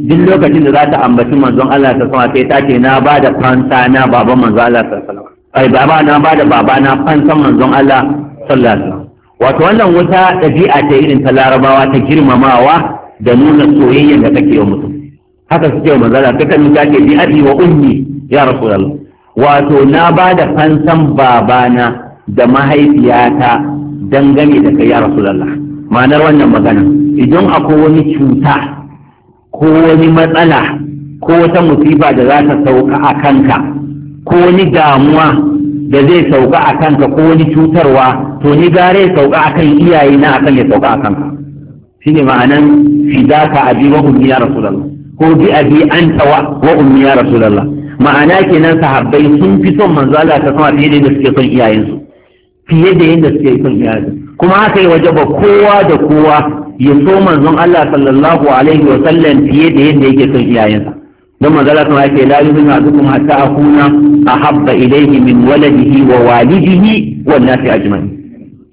duk lokacin da za ta ambaci manzon Allah ta suna sai ta ce na ba da fansa na baban manzon Allah ta suna ai baba na ba da baba na fansan manzon Allah sallallahu alaihi wasallam wato wannan wuta ɗabi'a ta irin ta larabawa ta girmamawa da nuna soyayya da kake wa mutum haka suke manzala ta kan ta ke bi abi wa ummi ya rasulullah wato na ba da fansan babana da mahaifiyata dangane da kai ya rasulullah ma'anar wannan magana idan akwai wani cuta ko wani matsala ko wata musiba da za ta sauka a kanka ko wani damuwa da zai sauka a kanka ko wani cutarwa to ni gare sauka a kan iyaye na akan ya sauka a kanka shine ma'anan fi za ka abi wa ummi ya rasulallah ko bi abi an tawa wa ummi ya rasulallah ma'ana kenan sahabbai sun fi son manzo Allah ta sama fiye da yadda suke son iyayensu fiye da yadda suke son iyayensu kuma haka yi ba kowa da kowa ya so manzon Allah sallallahu alaihi wa sallam fiye da yadda yake son iyayensa don manzo Allah ta sama yake la yuzina azukum hatta akuna ahabba ilayhi min waladihi wa walidihi wan nasi ajma'in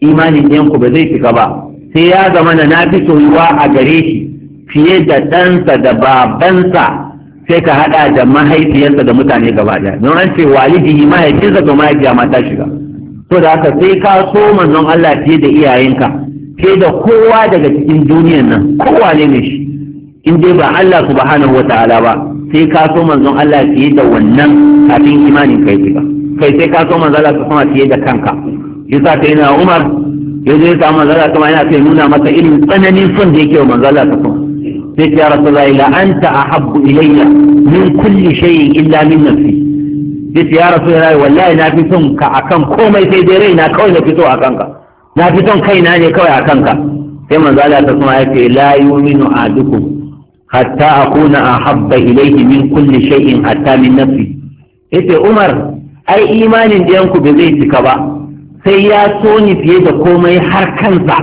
imanin yanku ba zai cika ba sai ya zama na nafi soyuwa a gare shi fiye da ɗansa da babansa sai ka haɗa da mahaifiyarsa da mutane gaba ɗaya don an ce walidihi mahaifinsa to mahaifiya ma ta shiga to da haka sai ka so manzon Allah fiye da iyayenka fiye da kowa daga cikin duniyan nan kowa ne ne shi in dai ba Allah subhanahu wa ta'ala ba sai ka so manzon Allah fiye da wannan kafin imanin kai shiga kai sai ka so manzon Allah ka sama fiye da kanka yasa kai na Umar ya zo sa samu manzon Allah kuma yana sai nuna masa irin tsananin son da yake wa manzon Allah ka sama sai ya rasulullahi la anta ahabbu ilayya min kulli shay'in illa min nafsi sai ya rasulullahi wallahi na fi son ka akan komai sai dai raina kawai na fito akan ka na fi son kaina ne kawai akan ka sai manzo Allah ta kuma yake la yuminu ahadukum hatta a a habba ilayhi min kulli shay'in hatta min nafsi yace Umar ai imanin da yanku ba zai cika ba sai ya so ni fiye da komai har kansa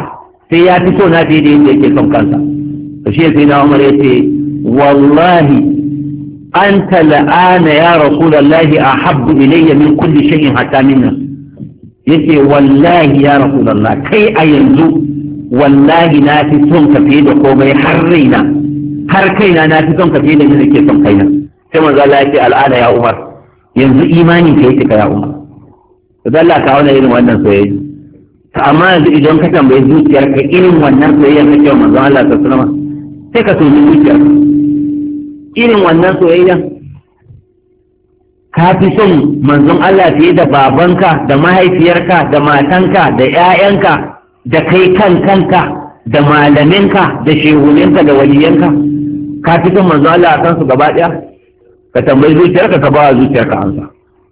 sai ya fi so na fiye da yadda yake son kansa to shi sai na Umar yace wallahi anta la'ana ya rasulullahi ahabbu ilayya min kulli shay'in hatta min nafsi yace wallahi ya rasulullah kai a yanzu wallahi na fi son ka fiye da komai har raina har kaina na fi son ka fiye da ni nake son kaina sai manzo Allah ya al'ada ya Umar yanzu imanin ka yake ka ya Umar to Allah ka auna irin wannan soyayya to amma yanzu idan ka tambayi zuciyar ka irin wannan soyayya na wa manzo Allah ta ma. sai ka so zuciyar irin wannan soyayya ka fi son manzon Allah fiye da babanka da mahaifiyarka da matanka da 'ya'yanka da kai kan kanka da malaminka da shehuninka da waliyanka ka fi kan manzo Allah a kansu gaba ɗaya ka tambayi zuciyarka ka bawa zuciyarka ansa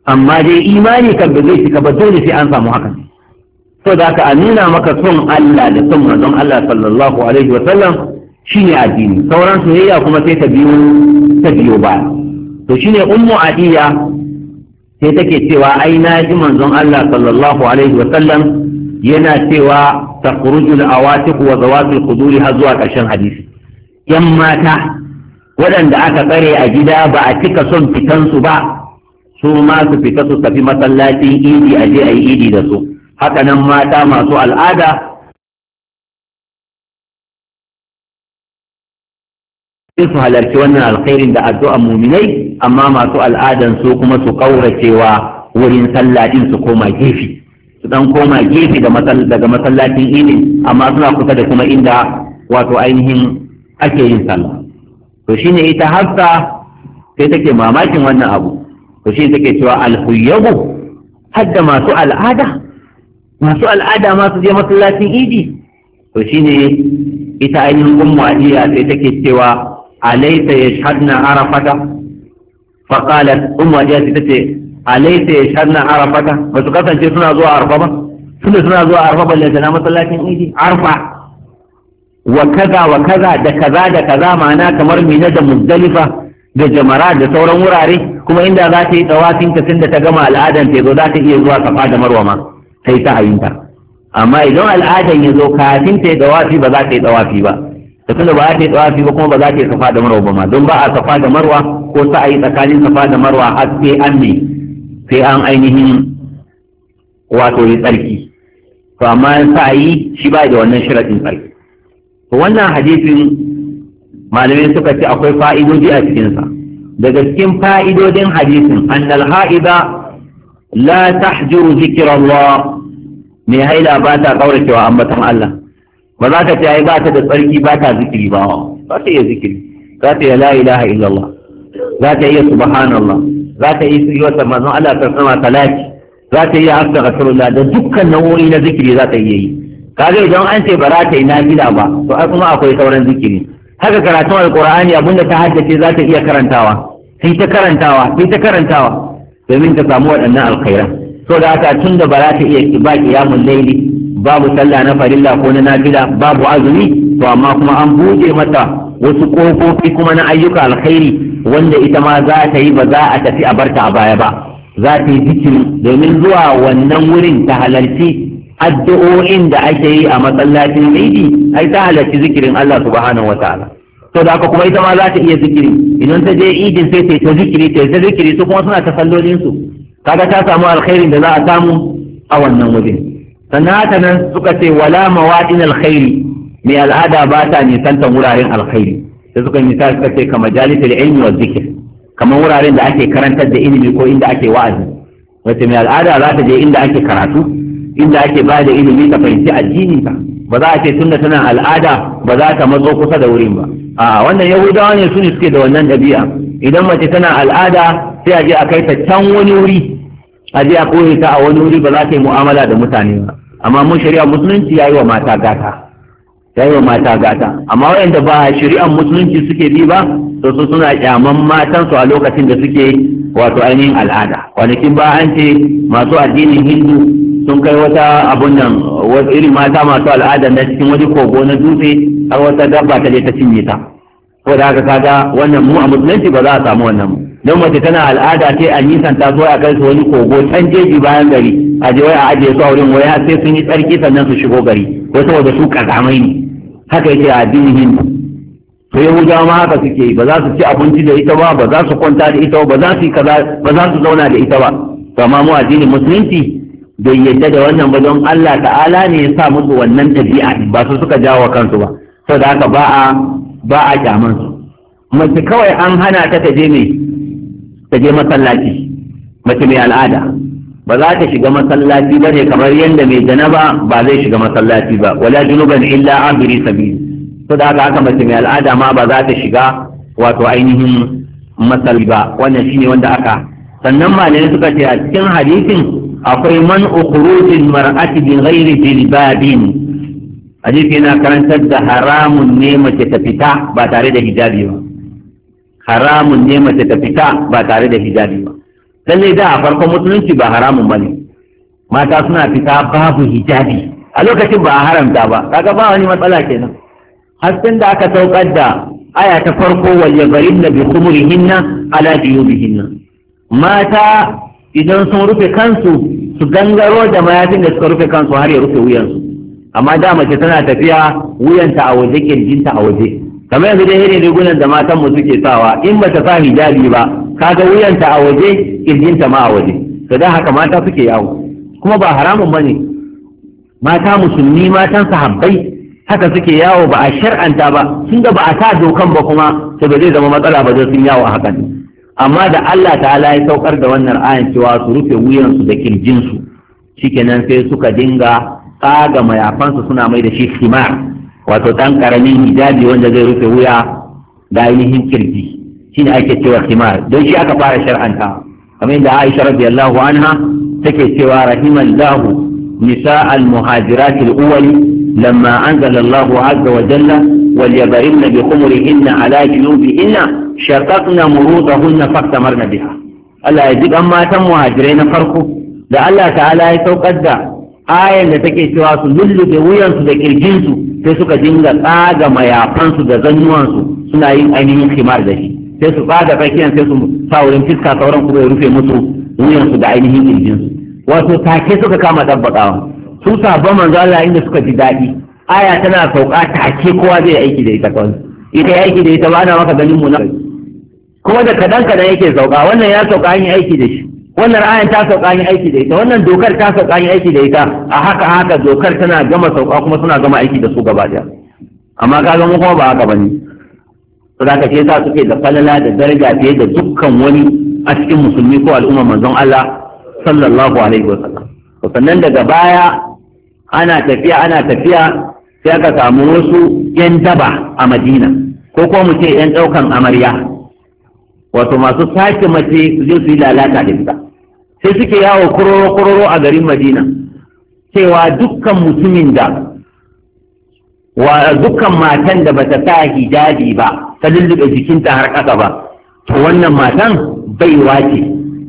amma dai imani kan da zai cika ba dole sai an samu hakan so da ka amina maka son Allah da son manzon Allah sallallahu alaihi wa sallam shine addini sauran soyayya kuma sai ta biyo ta biyo baya to shine ummu adiya sai take cewa ai na ji manzon Allah sallallahu alaihi wa sallam yana cewa takhrujul awatiq wa zawatul quduri har zuwa ƙarshen hadisi yan mata waɗanda aka tsare a gida ba a cika son fitansu ba su ma su fita su tafi masallacin idi a je a yi idi da su haka nan mata masu al'ada su halarci wannan alkhairin da addu'a muminai amma masu al'adan su kuma su kauracewa wurin salladin su koma gefe su dan koma gefe daga masallacin idi amma suna kusa da kuma inda wato ainihin ake yin sallah to shine ita hafsa sai take mamakin wannan abu to shine take cewa alhuyyabu hadda masu al'ada masu al'ada masu je masallacin idi to shine ita ainihin ummu adiya sai take cewa alaysa yashhadna arafata faqalat ummu adiya sai tace alaysa yashhadna arafata ba su kasance suna zuwa arfa ba suna suna zuwa arfa balle na masallacin idi arfa wa kaza wa kaza da kaza da kaza ma'ana kamar mina da muzdalifa da jamara da sauran wurare kuma inda za ta yi tsawafin ta da ta gama al'adan ta zo za ta iya zuwa safa da marwa ma sai ta yi ayyuka amma idan al'adan ya zo kafin ta yi tsawafi ba za ta yi tsawafi ba da tunda ba za ta yi tsawafi ba kuma ba za ta yi safa da marwa ba ma don ba a safa da marwa ko yi tsakanin safa da marwa har sai an ne sai an ainihin wato yi tsarki to amma sa'ayi shi ba da wannan sharaɗin tsarki wannan hadisin malamai suka ce akwai fa'idodi a cikinsa daga cikin fa'idodin hadisin annal ha'ida la tahjuru zikrallah mai haila ba ta kauracewa ambatan Allah ba za ta ce ai ba ta da tsarki ba ta zikiri ba za ta iya zikiri za ta iya la ilaha illallah za ta iya subhanallah za ta iya sirriwata manzon Allah ta sama talaki za ta iya astaghfirullah da dukkan nau'o'i na zikiri za ta iya yi kaga idan an ce ba za ta yi nafila ba to ai kuma akwai sauran zikiri haka karatun alqur'ani abinda ta haddace za ta iya karantawa sai ta karantawa sai ta karantawa domin ta samu waɗannan alkhairan so da haka tun da ba za ta iya ba qiyamul layli babu sallah na farilla ko na nafila babu azumi to amma kuma an buɗe mata wasu kofofi kuma na ayyuka alkhairi wanda ita ma za ta yi ba za a tafi a barta a baya ba za ta yi zikiri domin zuwa wannan wurin ta halarci addu'o'in da ake yi a masallacin idi ai ta halarci zikirin Allah subhanahu ta'ala. to da aka kuma ita ma za ta iya zikiri idan ta je idin sai ta zikiri ta ta zikiri su kuma suna ta sallolin su kaga ta samu alkhairin da za a samu a wannan wajen sannan haka nan suka ce wala mawadin alkhairi mai al'ada ba ta nisantan wuraren alkhairi da suka misali suka ce kamar jalisar ilmi wa zikir kamar wuraren da ake karantar da ilimi ko inda ake wa'azi wace mai al'ada za ta je inda ake karatu inda ake ba da ilimi ka fahimci addini ka ba za a ce tunda tana al'ada ba za ta matso kusa da wurin ba a wannan yahudawa ne su ne suke da wannan ɗabi'a idan mace tana al'ada sai a je a kai ta can wani wuri a je a koye ta a wani wuri ba za ta yi mu'amala da mutane ba amma mun shari'a musulunci ya yi wa mata gata ya yi wa mata gata amma waɗanda ba shari'ar musulunci suke bi ba to su suna kyaman matansu a lokacin da suke wato ainihin al'ada kwanakin ba an ce masu addinin hindu sun kai wata abun nan wasu irin mata masu al'ada na cikin wani kogo na dutse har wata dabba ta je ta cinye ta ko da haka kaga wannan mu a musulunci ba za a samu wannan mu don mace tana al'ada ce a nisan ta zo a kai su wani kogo can jeji bayan gari a je wai a ajiye su a wurin wai har sai sun yi tsarki sannan su shigo gari wai saboda su kazamai ne haka yake a addinin hindu to yahudawa ma haka suke ba za su ci abinci da ita ba ba za su kwanta da ita ba ba za su yi kaza ba za su zauna da ita ba to amma mu addinin musulunci bai yadda da wannan ba don Allah ta'ala ne ya sa musu wannan tabi'a ba su suka jawo kansu ba Sau da haka ba a ba kyaman su mace kawai an hana ta ta je mai ta masallaci mace mai al'ada ba za ta shiga masallaci ba ne kamar yadda mai janaba ba zai shiga masallaci ba wala junuban illa abiri sabili saboda haka haka mace mai al'ada ma ba za ta shiga wato ainihin masallaci ba wannan shine wanda aka sannan malamai suka ce a cikin hadisin akwai man ukhrujin mar'ati bi ghairi jilbabin hadisi yana karantar da haramun ne mace ta fita ba tare da hijabi ba haramun ne mace ta fita ba tare da hijabi ba lalle da a farkon musulunci ba haramun bane mata suna fita babu hijabi a lokacin ba a haramta ba kaga ba wani matsala kenan hasken da aka saukar da aya ta farko wal yabarin bi khumurihinna ala juyubihinna mata idan sun rufe kansu su gangaro da mayafin da suka rufe kansu har ya rufe wuyansu amma da mace tana tafiya wuyanta a waje kirjinta a waje kamar yanzu dai irin rigunan da matan mu suke sawa in ba ta sa hijabi ba kaga wuyanta a waje kirjinta ma a waje to da haka mata suke yawo kuma ba haramun bane mata musulmi matan sahabbai haka suke yawo ba a shar'anta ba tunda ba a sa dokan ba kuma to ba zai zama matsala ba zai sun yawo a hakan amma da Allah ta'ala ya saukar da wannan ayan cewa su rufe wuyansu da kirjinsu shikenan sai suka dinga tsaga mayafansu suna mai da shi himar wato ɗan ƙaramin hijabi wanda zai rufe wuya da ainihin kirji shine ake cewa himar don shi aka fara shar'anta kamar yadda Aisha radiyallahu anha take cewa rahimallahu نساء المهاجرات الأول لما أنزل الله عز وجل وليضربن بخمرهن على جنوبهن shaqaqna murudahunna na biha Allah ya ji dan matan muhajirai na farko da Allah ta'ala ya saukar da ayan da take cewa su lullube wuyansu da kirjinsu sai suka dinga tsaga mayafansu da zannuwansu suna yin ainihin himar da shi sai su tsaga tsakiyan sai su sa wurin fiska sauran kuma ya rufe musu wuyansu da ainihin kirjinsu wato take suka kama dabbakawa su sabo manzo Allah inda suka ji daɗi aya tana sauka take kowa zai aiki da ita kawai ita aiki da ita ba ana maka ganin mu na kuma da kaɗan kaɗan yake sauka wannan ya sauka an yi aiki da shi wannan ayan ta sauka an yi aiki da ita wannan dokar ta sauka an yi aiki da ita a haka haka dokar tana gama sauka kuma suna gama aiki da su gaba ɗaya amma ka mu kuma ba haka bane to da kace sa suke da falala da daraja fiye da dukkan wani a cikin musulmi ko al'ummar manzon Allah sallallahu alaihi wasallam sallam. sannan daga baya ana tafiya ana tafiya sai aka samu wasu yan daba a Madina ko kuma mu ce yan daukan amarya wato masu sake mace su je su yi lalata da ita sai suke yawo kororo kororo a garin madina cewa dukkan mutumin da wa dukkan matan da bata sa hijabi ba ta lullube jikinta har ƙasa ba to wannan matan bai ce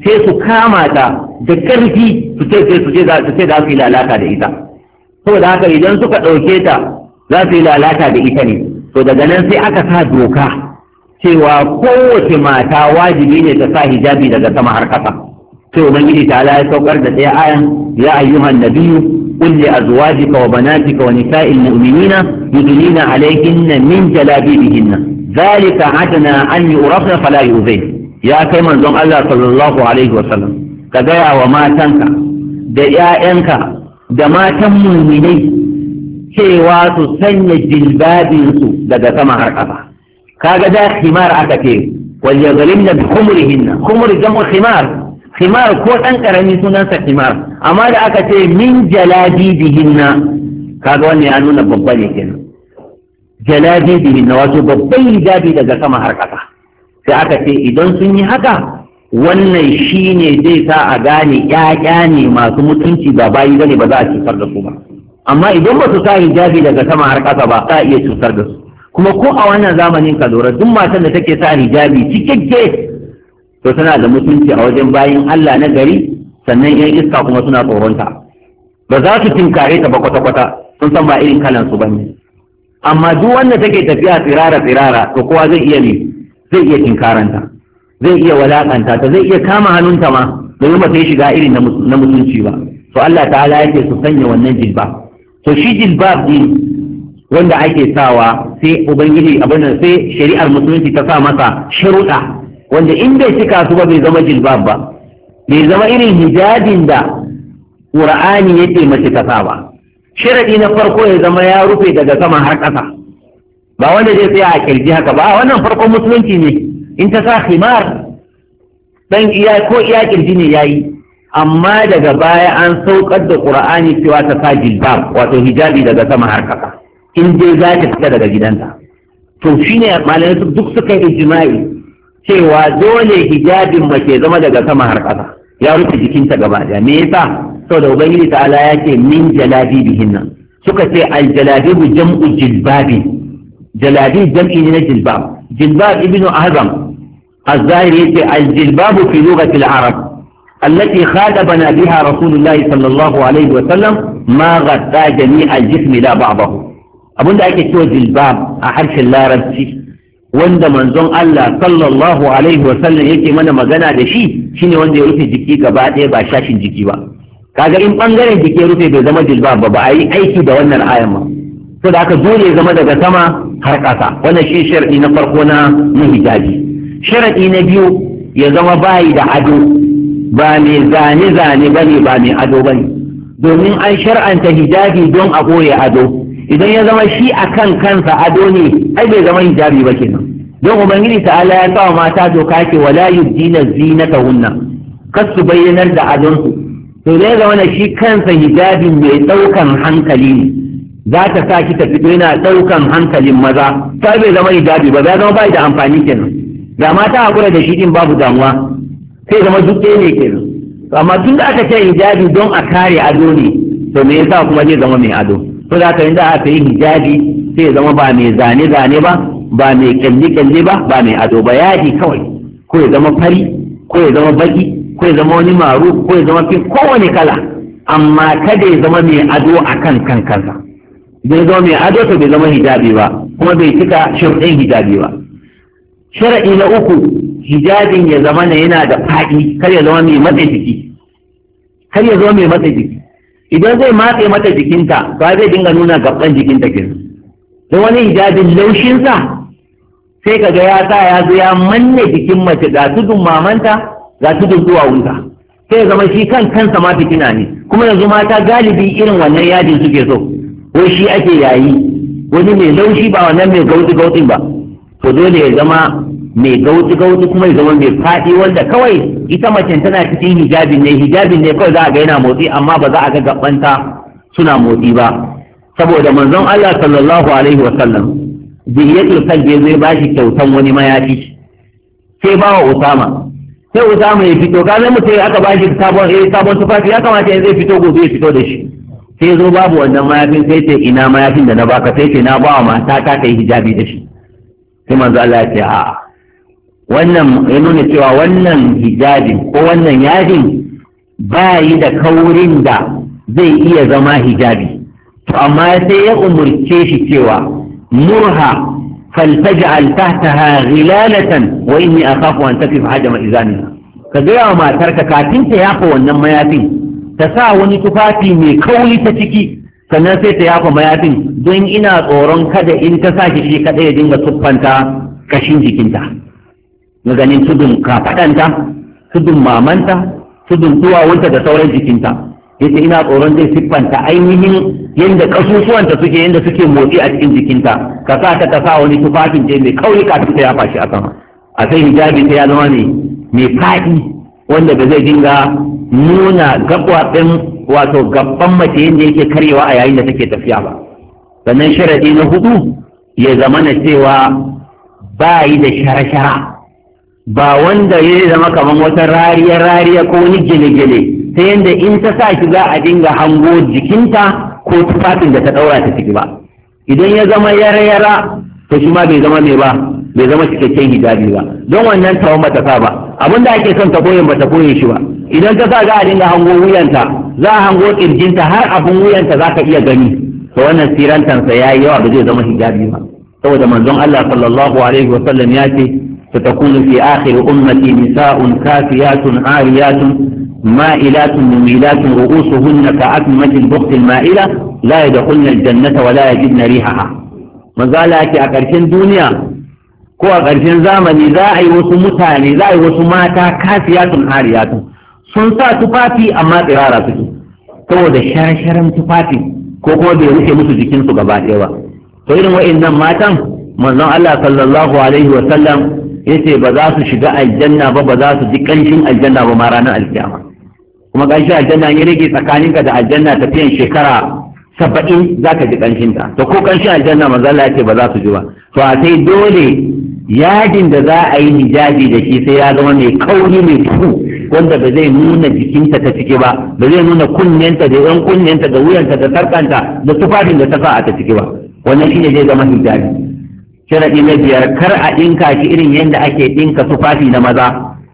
sai su kama ta da ƙarfi su ce su ce za su yi lalata da ita saboda haka idan suka ɗauke ta za su yi lalata da ita ne to daga nan sai aka sa doka cewa kowace mata wajibi ne ta sa hijabi daga sama har kasa sai wannan gidi ta ya saukar da ɗaya ayan ya ayyuha nabiyyu qul li azwajika wa banatika wa nisa'il mu'minina yudnina alayhinna min jalabibihinna dhalika adna an yurafa fala yuzay ya kai manzon Allah sallallahu alaihi wasallam ka gaya wa matanka da 'ya'yanka da matan mu'minai cewa su sanya jilbabinsu daga sama har kasa kaga da himar aka ce wal yadhlimna bi khumurihinna khumur jam'u khimar khimar ko dan karami sunansa khimar amma da aka ce min jalabibihinna kaga wannan ya nuna babba ne kenan jalabibihinna wato babban jabi daga sama har kasa sai aka ce idan sun yi haka wannan shine zai sa a gane ƴaƴa ne masu mutunci ba bayi bane ba za a cutar da su ba amma idan ba su sa hijabi daga sama har kasa ba za a iya cutar da su kuma ko a wannan zamanin ka lura duk matan da take sa hijabi cikakke to tana da mutunci a wajen bayin Allah na gari sannan yan iska kuma suna tsoronta ba za su tinkare ta ba kwata-kwata sun san ba irin kalan su bane amma duk wanda take tafiya tsirara tsirara to kowa zai iya ne zai iya tinkaranta zai iya walakanta ta zai iya kama hannunta ma domin ba sai shiga irin na mutunci ba to Allah ta'ala yake su sanya wannan jilba to shi jilbab din wanda ake sawa sai ubangiji abin nan sai shari'ar musulunci ta sa masa sharuɗa wanda in bai cika su ba bai zama jilbab ba bai zama irin hijabin da qur'ani yake mace ta sa ba sharadi na farko ya zama ya rufe daga sama har ƙasa ba wanda zai tsaya a kirji haka ba wannan farkon musulunci ne in ta sa himar dan iya ko iya kirji ne yayi amma daga baya an saukar da qur'ani cewa ta sa jilbab wato hijabi daga sama har ƙasa in dai za ta fita daga gidanta to shine malamai su duk suka yi ijma'i cewa dole hijabin mace zama daga sama har ƙasa ya rufe jikinta gaba da me yasa saboda ubangiji ta'ala ya ce min jalabibihin nan suka ce al jalabi bu jam'u jilbabi jalabi jam'i ne na jilbab jilbab ibnu azam الظاهر يتي الجلباب في لغة العرب التي خاطبنا بها رسول الله صلى الله عليه وسلم ما غطى جميع الجسم لا بعضه abinda ake cewa jilbab a harshen larabci wanda manzon Allah sallallahu alaihi wasallam yake mana magana da shi shine wanda ya rufe jiki gaba ɗaya ba shashin jiki ba kaga in bangaren jiki ya rufe bai zama jilbab ba ba a yi aiki da wannan ayan to da aka dole ya zama daga sama har ƙasa wannan shi sharadi na farko na hijabi sharadi na biyu ya zama bayi da ado ba mai zane zane bane ba mai ado bane domin an shar'anta hijabi don a ɓoye ado idan ya zama shi a kan kansa ado ne ai bai zama hijabi ba kenan don ubangiji ala ya kawo mata doka ke wala yubdina zinata hunna kar su bayyanar da adon su to ya zama na shi kansa hijabi mai daukan hankali ne za ta sa ki ta fito yana daukan hankalin maza ta bai zama hijabi ba ya zama bai da amfani kenan da mata hakura da shi din babu damuwa sai zama duk ɗaya ne kenan amma tun da aka ce hijabi don a kare ado ne to me yasa kuma zai zama mai ado za da yi, da aka yi hijabi sai zama ba mai zane zane ba ba mai kyalli-kyalli ba ba mai ado ba yadi kawai ko ya zama fari ko ya zama baki ko ya zama wani maru ko ya zama fi kowane kala amma kada ya zama mai ado a kan kan kansa bai zama mai ado to bai zama hijabi ba kuma bai cika shirɗin hijabi ba shara'i na uku hijabin ya zama na yana da faɗi kar ya zama mai matsa jiki kar ya zama mai matsa jiki idan zai matse mata jikinta ba zai dinga nuna gaban jikinta ke. Da wani hijabin laushinsa sai ka ga ya sa ya zo ya manne jikin mace ga tudun mamanta ga tudun duwawunta sai ya zama shi kan kansa ma fitina ne kuma yanzu mata galibi irin wannan yajin suke so ko shi ake yayi wani mai laushi ba wannan mai gauti gautin ba to dole ya zama mai gauti gauti kuma ya zama mai faɗi wanda kawai ita macen tana cikin hijabin ne hijabin ne kawai za a ga yana motsi amma ba za a ga gabanta suna motsi ba saboda manzon Allah sallallahu alaihi wa sallam diyatul kalbi zai ba shi kyautan wani mayafi sai ba wa Usama sai Usama ya fito ga mu sai aka ba shi sabon eh sabon tufafi ya kamata ya zai fito gobe ya fito da shi sai zo babu wannan mayafin sai ce ina mayafin da na baka sai ce na ba wa mata ta kai hijabi da shi sai manzo Allah ya ce a'a wannan ya nuna cewa wannan hijabin ko wannan yadin ba yi da kaurin da zai iya zama hijabi to amma sai ya umurce shi cewa murha falfaja altahta ha rilalatan wa inni a kafu an tafi hajjama izanin ka gaya wa matarka kafin ta yafa wannan mayafin ta sa wani tufafi mai kauli ta ciki sannan sai ta yafa mayafin don ina tsoron kada in ta sa shi kadai ya dinga tuffanta kashin jikinta. na ganin tudun kafaɗanta tudun mamanta tudun duwawunta da sauran jikinta yace ina tsoron zai siffanta ainihin yadda kasusuwanta suke yadda suke motsi a cikin jikinta ka sa ta kasa wani tufafin je mai kauri kafin ta yafa shi a sama a sai hijabi ta ya zama ne mai faɗi wanda ba zai dinga nuna gaɓaɓen wato gabban mace yadda yake karyewa a yayin da take tafiya ba sannan sharaɗi na hudu ya zamana cewa ba yi da shara-shara ba wanda ya zama kamar wata rariya rariya ko wani gele-gele ta yadda in ta sa shi za a dinga hango jikinta ko tufafin da ta ɗaura ta ciki ba idan ya zama yara-yara to shi ma bai zama mai ba bai zama cikakken hijabi ba don wannan tawon ta sa ba abin da ake son ta ba ta koye shi ba idan ta sa za a dinga hango wuyanta za a hango kirjinta har abin wuyanta za ka iya gani to wannan sirantansa ya yi yawa ba zai zama hijabi ba saboda manzon Allah sallallahu alaihi wa sallam ya ce ستكون في آخر أمتي نساء كافيات عاريات مائلات مميلات رؤوسهن كأكمة البخت المائلة لا يدخلن الجنة ولا يجدن ريحها مزالا كي أكرشن دنيا كو أكرشن زامني ذاعي وسمتاني ذاعي وسماتا كافيات عاريات سنسا تفاتي أما قرارة تتو كو ده شر شرم تفاتي كو كو ده يوكي مسو جكينتو قبات يوا فإن وإن نماتا من الله صلى الله عليه وسلم yace ba za su shiga aljanna ba ba za su ji ƙanshin aljanna ba ma ranar alkiyama kuma gashi aljanna ya rage tsakaninka da aljanna tafiyan shekara saba'in za ka ji ƙanshin ta to ko kanshin aljanna manzo Allah yace ba za su ji ba to a sai dole yadin da za a yi hijabi da shi sai ya zama mai kauri mai tuhu wanda ba zai nuna jikinta ta ciki ba ba zai nuna kunnenta da yan kunnenta da wuyanta da sarkanta da tufafin da ta sa a ta ciki ba wannan shine zai zama hijabi sharaɗi na biyar kar a ɗinka shi irin yadda ake ɗinka tufafi na maza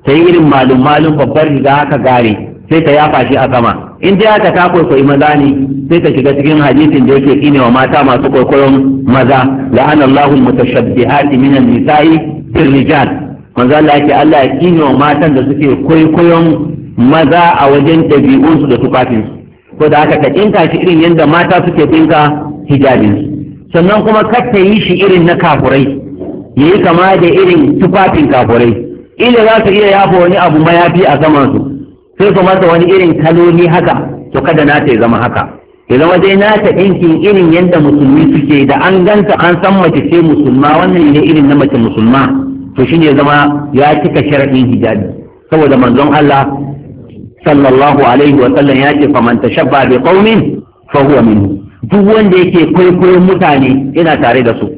sai irin malum malum babbar riga haka gare sai ta yafa shi a sama in dai haka ta kwaikwayi maza ne sai ta shiga cikin hadisin da yake ƙinewa mata masu kwaikwayon maza la'anallahu mutashabbihati minan nisa'i fil rijal manzo Allah yake Allah ya ƙinewa matan da suke kwaikwayon maza a wajen ɗabi'unsu da tufafinsu ko da haka ka ɗinka shi irin yadda mata suke ɗinka hijabinsu sannan kuma kar ta yi shi irin na kafurai ya yi kama da irin tufafin kafurai ila za su iya yafa wani abu mayafi a saman su sai su masa wani irin kaloni haka to kada na ta zama haka ya zama dai na ta ɗinkin irin yadda musulmi suke da an ganta an san mace ce musulma wannan ne irin na mace musulma to shi ne zama ya cika sharaɗin hijabi saboda manzon Allah sallallahu alaihi wa sallam ya ce faman tashabba bi qaumin fa huwa minhu duk wanda yake kwaikwayo mutane yana tare da su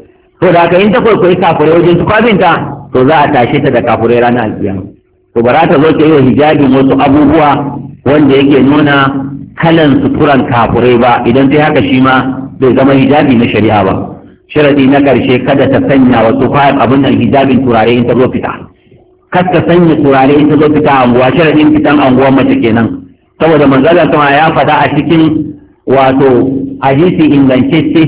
to da haka in ta kwaikwayi kafurai wajen su ta to za a tashe ta da kafurai ranar alkiyama to ba ta zo ta yi wa hijabi wasu abubuwa wanda yake nuna kalan suturan kafurai ba idan ta haka shi ma bai zama hijabi na shari'a ba sharadi na karshe kada ta sanya wasu kwayar abin nan hijabin turare in ta zo fita kar ta sanya turare in ta zo fita anguwa sharadin fitan anguwan mace kenan saboda manzalar sama ya fada a cikin wato hadisi ingantacce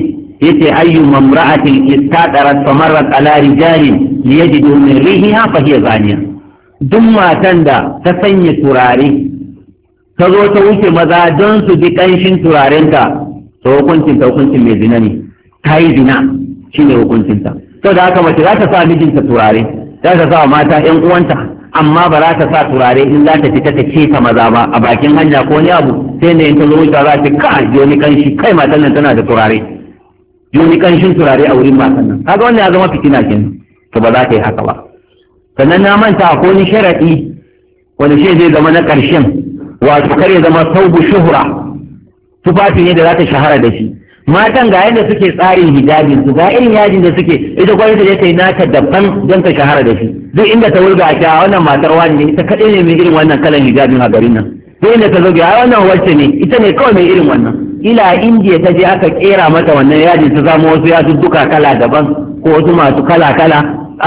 yace ayyu mamra'atin istadarat famarat ala rijalin liyajidu min rihiha fa hiya zaniya duk matan da ta sanya turare ta zo ta wuce maza don su ji kanshin turarenta to hukuncin ta hukuncin mai zina ne ta yi zina shine hukuncin ta da haka mace za ta sa mijinta turare za ta sa mata 'yan uwanta amma ba za ta sa turare in za ta fita ta ce ta maza ba a bakin hanya ko wani abu sai ne in ta zo wuce za ta ka joni kanshi kai matan nan tana da turare joni kanshin turare a wurin matan nan kaga wannan ya zama fitina kin to ba za ta yi haka ba sannan na manta ko ni sharadi wani shi zai zama na karshen wato kar ya zama saubu shuhura tufafi ne da za ta shahara da shi matan ga yadda suke tsarin hijabin su ga irin yajin da suke ita gwamnati ta yi nata daban don ta shahara da shi duk inda ta wurga a wannan matar wani ne ita kaɗai ne mai irin wannan kalan hijabin a garin nan duk inda ta zoge a wannan wacce ne ita ne kawai mai irin wannan ila indiya ta je aka kera mata wannan yajin ta zama wasu duka kala daban ko wasu masu kala kala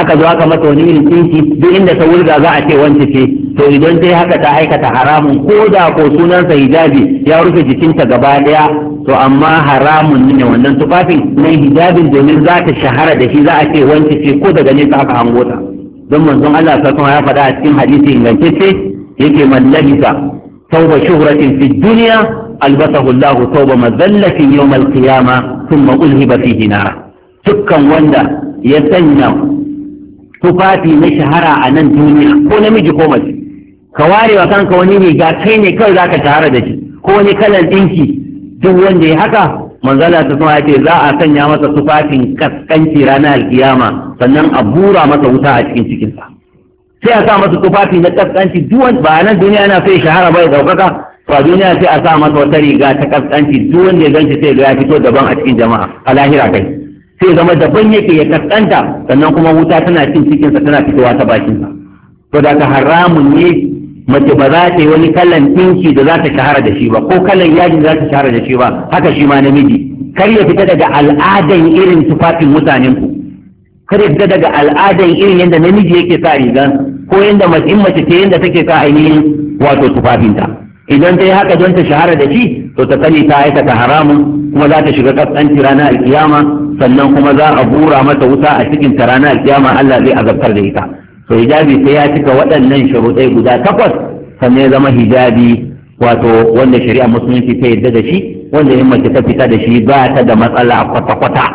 aka zo aka mata wani irin tsinki duk inda ta wurga za a ce wance ce to idan sai haka ta aikata haramun ko da ko sunansa hijabi ya rufe jikinta gaba daya to amma haramun ne wannan tufafin na hijabin domin za ta shahara da shi za a ce wance ce ko daga nesa aka hango ta don manzon Allah ta ya faɗa a cikin hadisi ingantacce yake man labisa tauba shuhratin fi duniya albasahu Allah tauba mazallatin yawm al-qiyama thumma ba fi nara dukkan wanda ya sanya tufafi na shahara a nan duniya ko namiji ko mace ka ware wa kanka wani ga kai ne kawai zaka shahara da shi ko wani kalan ɗinki, duk wanda ya haka manzala ta sama ce za a sanya masa tufafin kaskanci ranar alkiyama sannan a bura masa wuta a cikin cikinsa sai a sa masa tufafi na kaskanci duwan ba a nan duniya na sai shahara bai daukaka a duniya sai a sa masa wata riga ta kaskanci duwan da ya ganci sai ya fito daban a cikin jama'a a lahira kai sai zama daban yake ya kaskanta sannan kuma wuta tana cin cikinsa tana fitowa ta bakinsa to da haramun ne mace ba za ta yi wani kallon ɗinki da za ta shahara da shi ba ko kallon yaji za ta shahara da shi ba haka shi ma namiji kar ya fita daga al'adan irin tufafin mutanen ku kar ya fita daga al'adan irin yadda namiji yake sa riga ko yadda mace in mace ce yadda take sa ainihin wato tufafinta idan ta yi haka don ta shahara da shi to ta sani ta ta haramun kuma za ta shiga kaskanci ranar alkiyama sannan kuma za a bura mata wuta a cikin ta ranar alkiyama Allah zai azabtar da ita To hijabi sai ya cika waɗannan sharuɗai guda takwas sannan ya zama hijabi wato wanda shari'a musulunci ta yarda da shi wanda in mace ta fita da shi ba ta da matsala kwata-kwata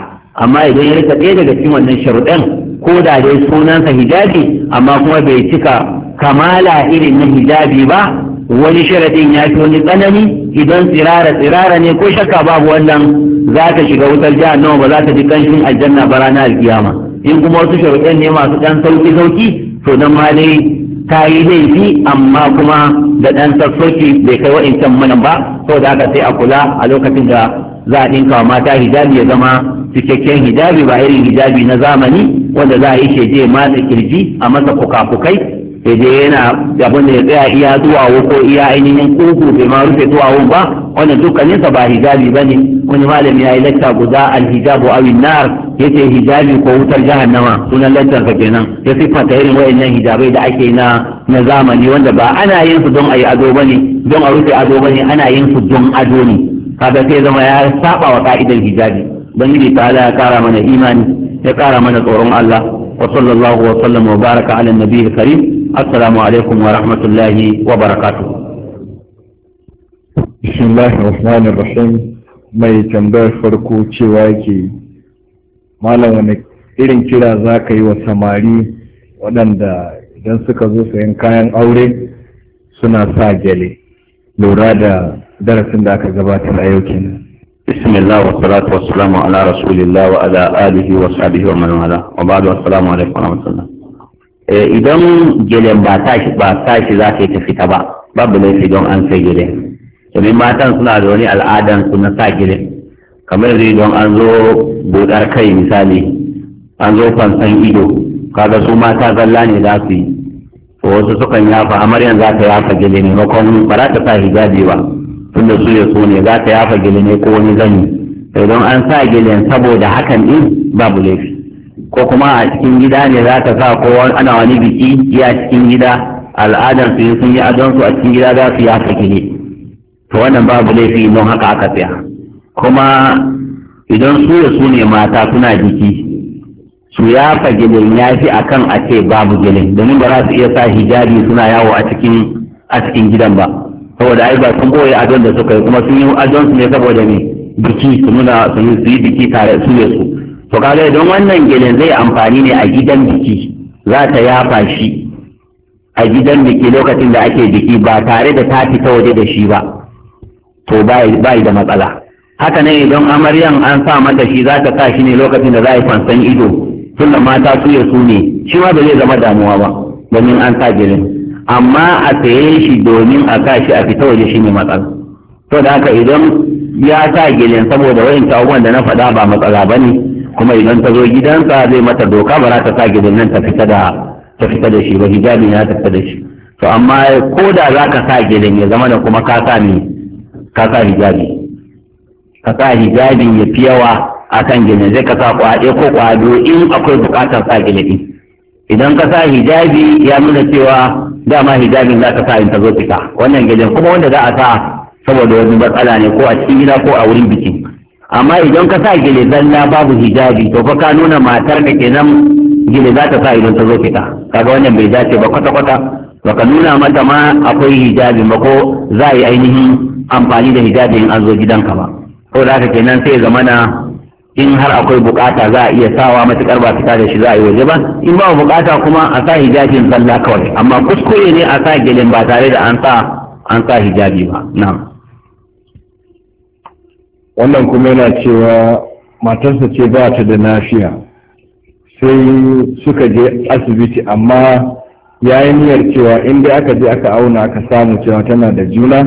amma idan ya rika ɗaya daga cikin wannan sharuɗan ko da dai sunansa hijabi amma kuma bai cika kamala irin na hijabi ba wani sharaɗin ya fi wani tsanani idan tsirara tsirara ne ko shakka babu wannan za ta shiga wutar jihar nawa ba za ka ji kanshin aljanna ba ranar alkiyama in kuma wasu sharuɗan ne masu ɗan sauki sauki to nan ma dai ta yi laifi amma kuma da ɗan sassauki bai kai wa'incan mana ba saboda haka sai a kula a lokacin da za a ɗinka wa mata hijabi ya zama cikakken hijabi ba irin hijabi na zamani wanda za a yi sheje matsa kirji a masa kuka sai dai yana abin da ya tsaya iya duwawo ko iya ainihin kuku bai ma rufe duwawon ba wannan dukkaninsa ba hijabi ba ne wani malami ya yi lakta guda alhijabu awin nar ya yace hijabi ko wutar jahannama sunan lantarka kenan ya siffanta irin wayannan hijabai da ake na na zamani wanda ba ana yin su don a yi ado bane don a rufe ado bane ana yin su don ado ne kaga sai zama ya saba wa ka'idar hijabi ubangiji ta'ala ya kara mana imani ya kara mana tsoron Allah wa sallallahu wa sallam wa baraka ala nabiyil karim assalamu alaikum wa rahmatullahi wa barakatuh bismillahir rahmanir rahim mai tambayar farko cewa yake malam wani irin kira za ka yi wa samari waɗanda idan suka zo sayan kayan aure suna sa gele lura da darasin da aka gabatar a yau kenan bismillah wa salatu wa salamu ala rasulillah wa ala alihi wa sahbihi wa man wala wa ba'du assalamu alaikum wa rahmatullah eh, idan gelen ba tashi ba tashi za ka yi ta ba babu laifi don an sai gelen domin matan suna da wani al'adansu na sa gelen kamar yanzu don an zo budar kai misali an zo fansan ido kaga su mata zalla ne za su yi to wasu sukan yafa amaryan za ta yafa gele ne makon ba za ta sa hijabi ba tunda su ya so ne za ta yafa gele ne ko wani zani idan an sa gele saboda hakan din babu laifi ko kuma a cikin gida ne za ta sa ko ana wani biki ya cikin gida al'adar su sun yi adon su a cikin gida za su yafa gele to wannan babu laifi don haka aka tsaya kuma idan su da su ne mata suna jiki su ya ya fi a kan a ce babu gilin domin ba za su iya sa hijabi suna yawo a cikin a cikin gidan ba saboda ai ba sun boye adon da suka yi kuma sun yi adon su ne saboda ne biki su nuna su yi biki tare su da su to kaga idan wannan gilin zai amfani ne a gidan biki za ta yafa shi a gidan biki lokacin da ake biki ba tare da ta fita waje da shi ba to ba da matsala haka ne idan amaryan an sa mata shi za ta sa shi ne lokacin da za a yi fansan ido tunda mata su ya su ne shi ma ba zai zama damuwa ba domin an sa girin amma a saye shi domin a sa shi a fita waje shi ne matsala to da haka idan ya sa gilin saboda wayan abubuwan da na faɗa ba matsala ba ne kuma idan ta zo gidansa zai mata doka ba za ta sa gilin nan ta fita da ta fita da shi ba hijabi ya tafi da shi to amma ko da za ka sa gilin ya zama da kuma ka sa ne ka sa hijabi ka sa hijabi ya fi yawa a kan gele zai ka sa kwaɗe ko kwado in akwai buƙatar sa gele ɗin idan ka sa hijabi ya nuna cewa dama hijabin za ka sa in ta zo fita wannan gelen kuma wanda za a sa saboda wani matsala ne ko a cikin gida ko a wurin biki amma idan ka sa gele zalla babu hijabi to fa ka nuna matar da kenan gele za ta sa idan ta zo fita kaga wannan bai dace ba kwata-kwata baka nuna mata ma akwai hijabi ba ko za a yi ainihin amfani da hijabi in an zo gidanka ba ko da haka kenan sai zamana in har akwai bukata za a iya sawa matukar ba fita da shi za a yi waje ba in ba bukata kuma a sa hijabin sallah kawai amma kuskure ne a sa gelin ba tare da an sa hijabi ba na'am wannan kuma yana cewa matarsa ce ba ta da nafiya sai suka je asibiti amma ya yi niyyar cewa in dai aka je aka auna aka samu cewa tana da juna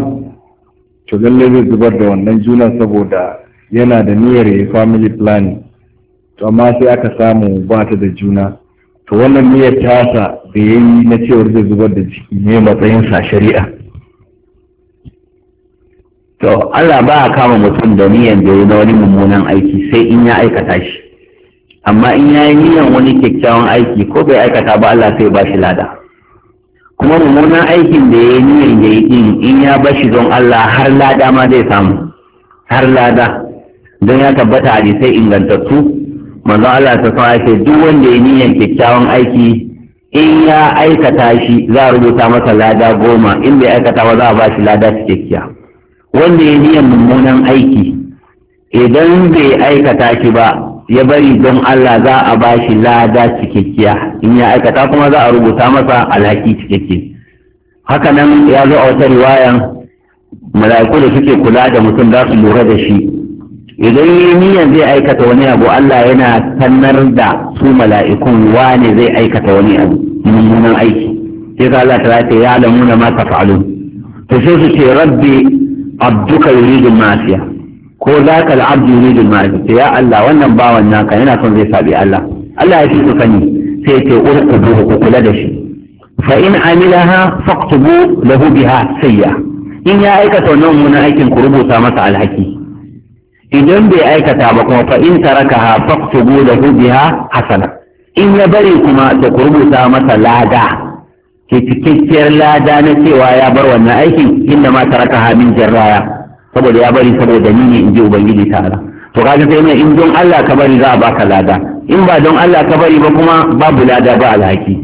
to lallai zai zubar da wannan juna saboda yana da niyyar ya family planning to amma sai aka samu ba ta da juna to wannan niyyar tasa da ya yi na cewar zai zubar da jiki ne matsayin sa shari'a to Allah ba a kama mutum da niyyar da ya na wani mummunan aiki sai in ya aikata shi amma in ya yi niyyar wani kyakkyawan aiki ko bai aikata ba Allah sai ba shi lada kuma mummunan aikin da ya yi niyyar ya yi in ya shi don Allah har lada ma zai samu har lada don ya tabbata hadisai ingantattu manzon Allah ta sa ce duk wanda ya niyyar kyakkyawan aiki in ya aikata shi za a rubuta masa lada goma in bai aikata ba za a ba shi lada cikakkiya wanda ya niyyar mummunan aiki idan bai aikata shi ba ya bari don Allah za a ba shi lada cikakkiya in ya aikata kuma za a rubuta masa alhaki cikakke haka nan ya zo a wata riwayan mala'iku da suke kula da mutum za su lura da shi idan yi niyan zai aikata wani abu Allah yana sanar da su mala'ikun wane zai aikata wani abu mummunan aiki sai ka Allah ta ce ya lamuna ma tafa'alun to sai su ce rabbi abduka yuridu masiya ko za ka al'abdu yuridu ma'azi ya Allah wannan bawan naka yana son zai sabi Allah Allah ya fi su sani sai ce urkubu ku kula da shi fa in amilaha faqtubu lahu biha sayya in ya aikata wannan mun aikin ku rubuta masa alhaki idan bai aikata ba kuma fa in tarakaha faqtubu lahu biha hasana in ya bari kuma da ku rubuta masa lada ke cikakkiyar lada na cewa ya bar wannan aikin inda ma taraka min jarraya saboda ya bari saboda ni ne in ji ubangiji ta'ala to kaga sai mai in don Allah ka bari za a baka lada in ba don Allah ka bari ba kuma babu lada ba alhaki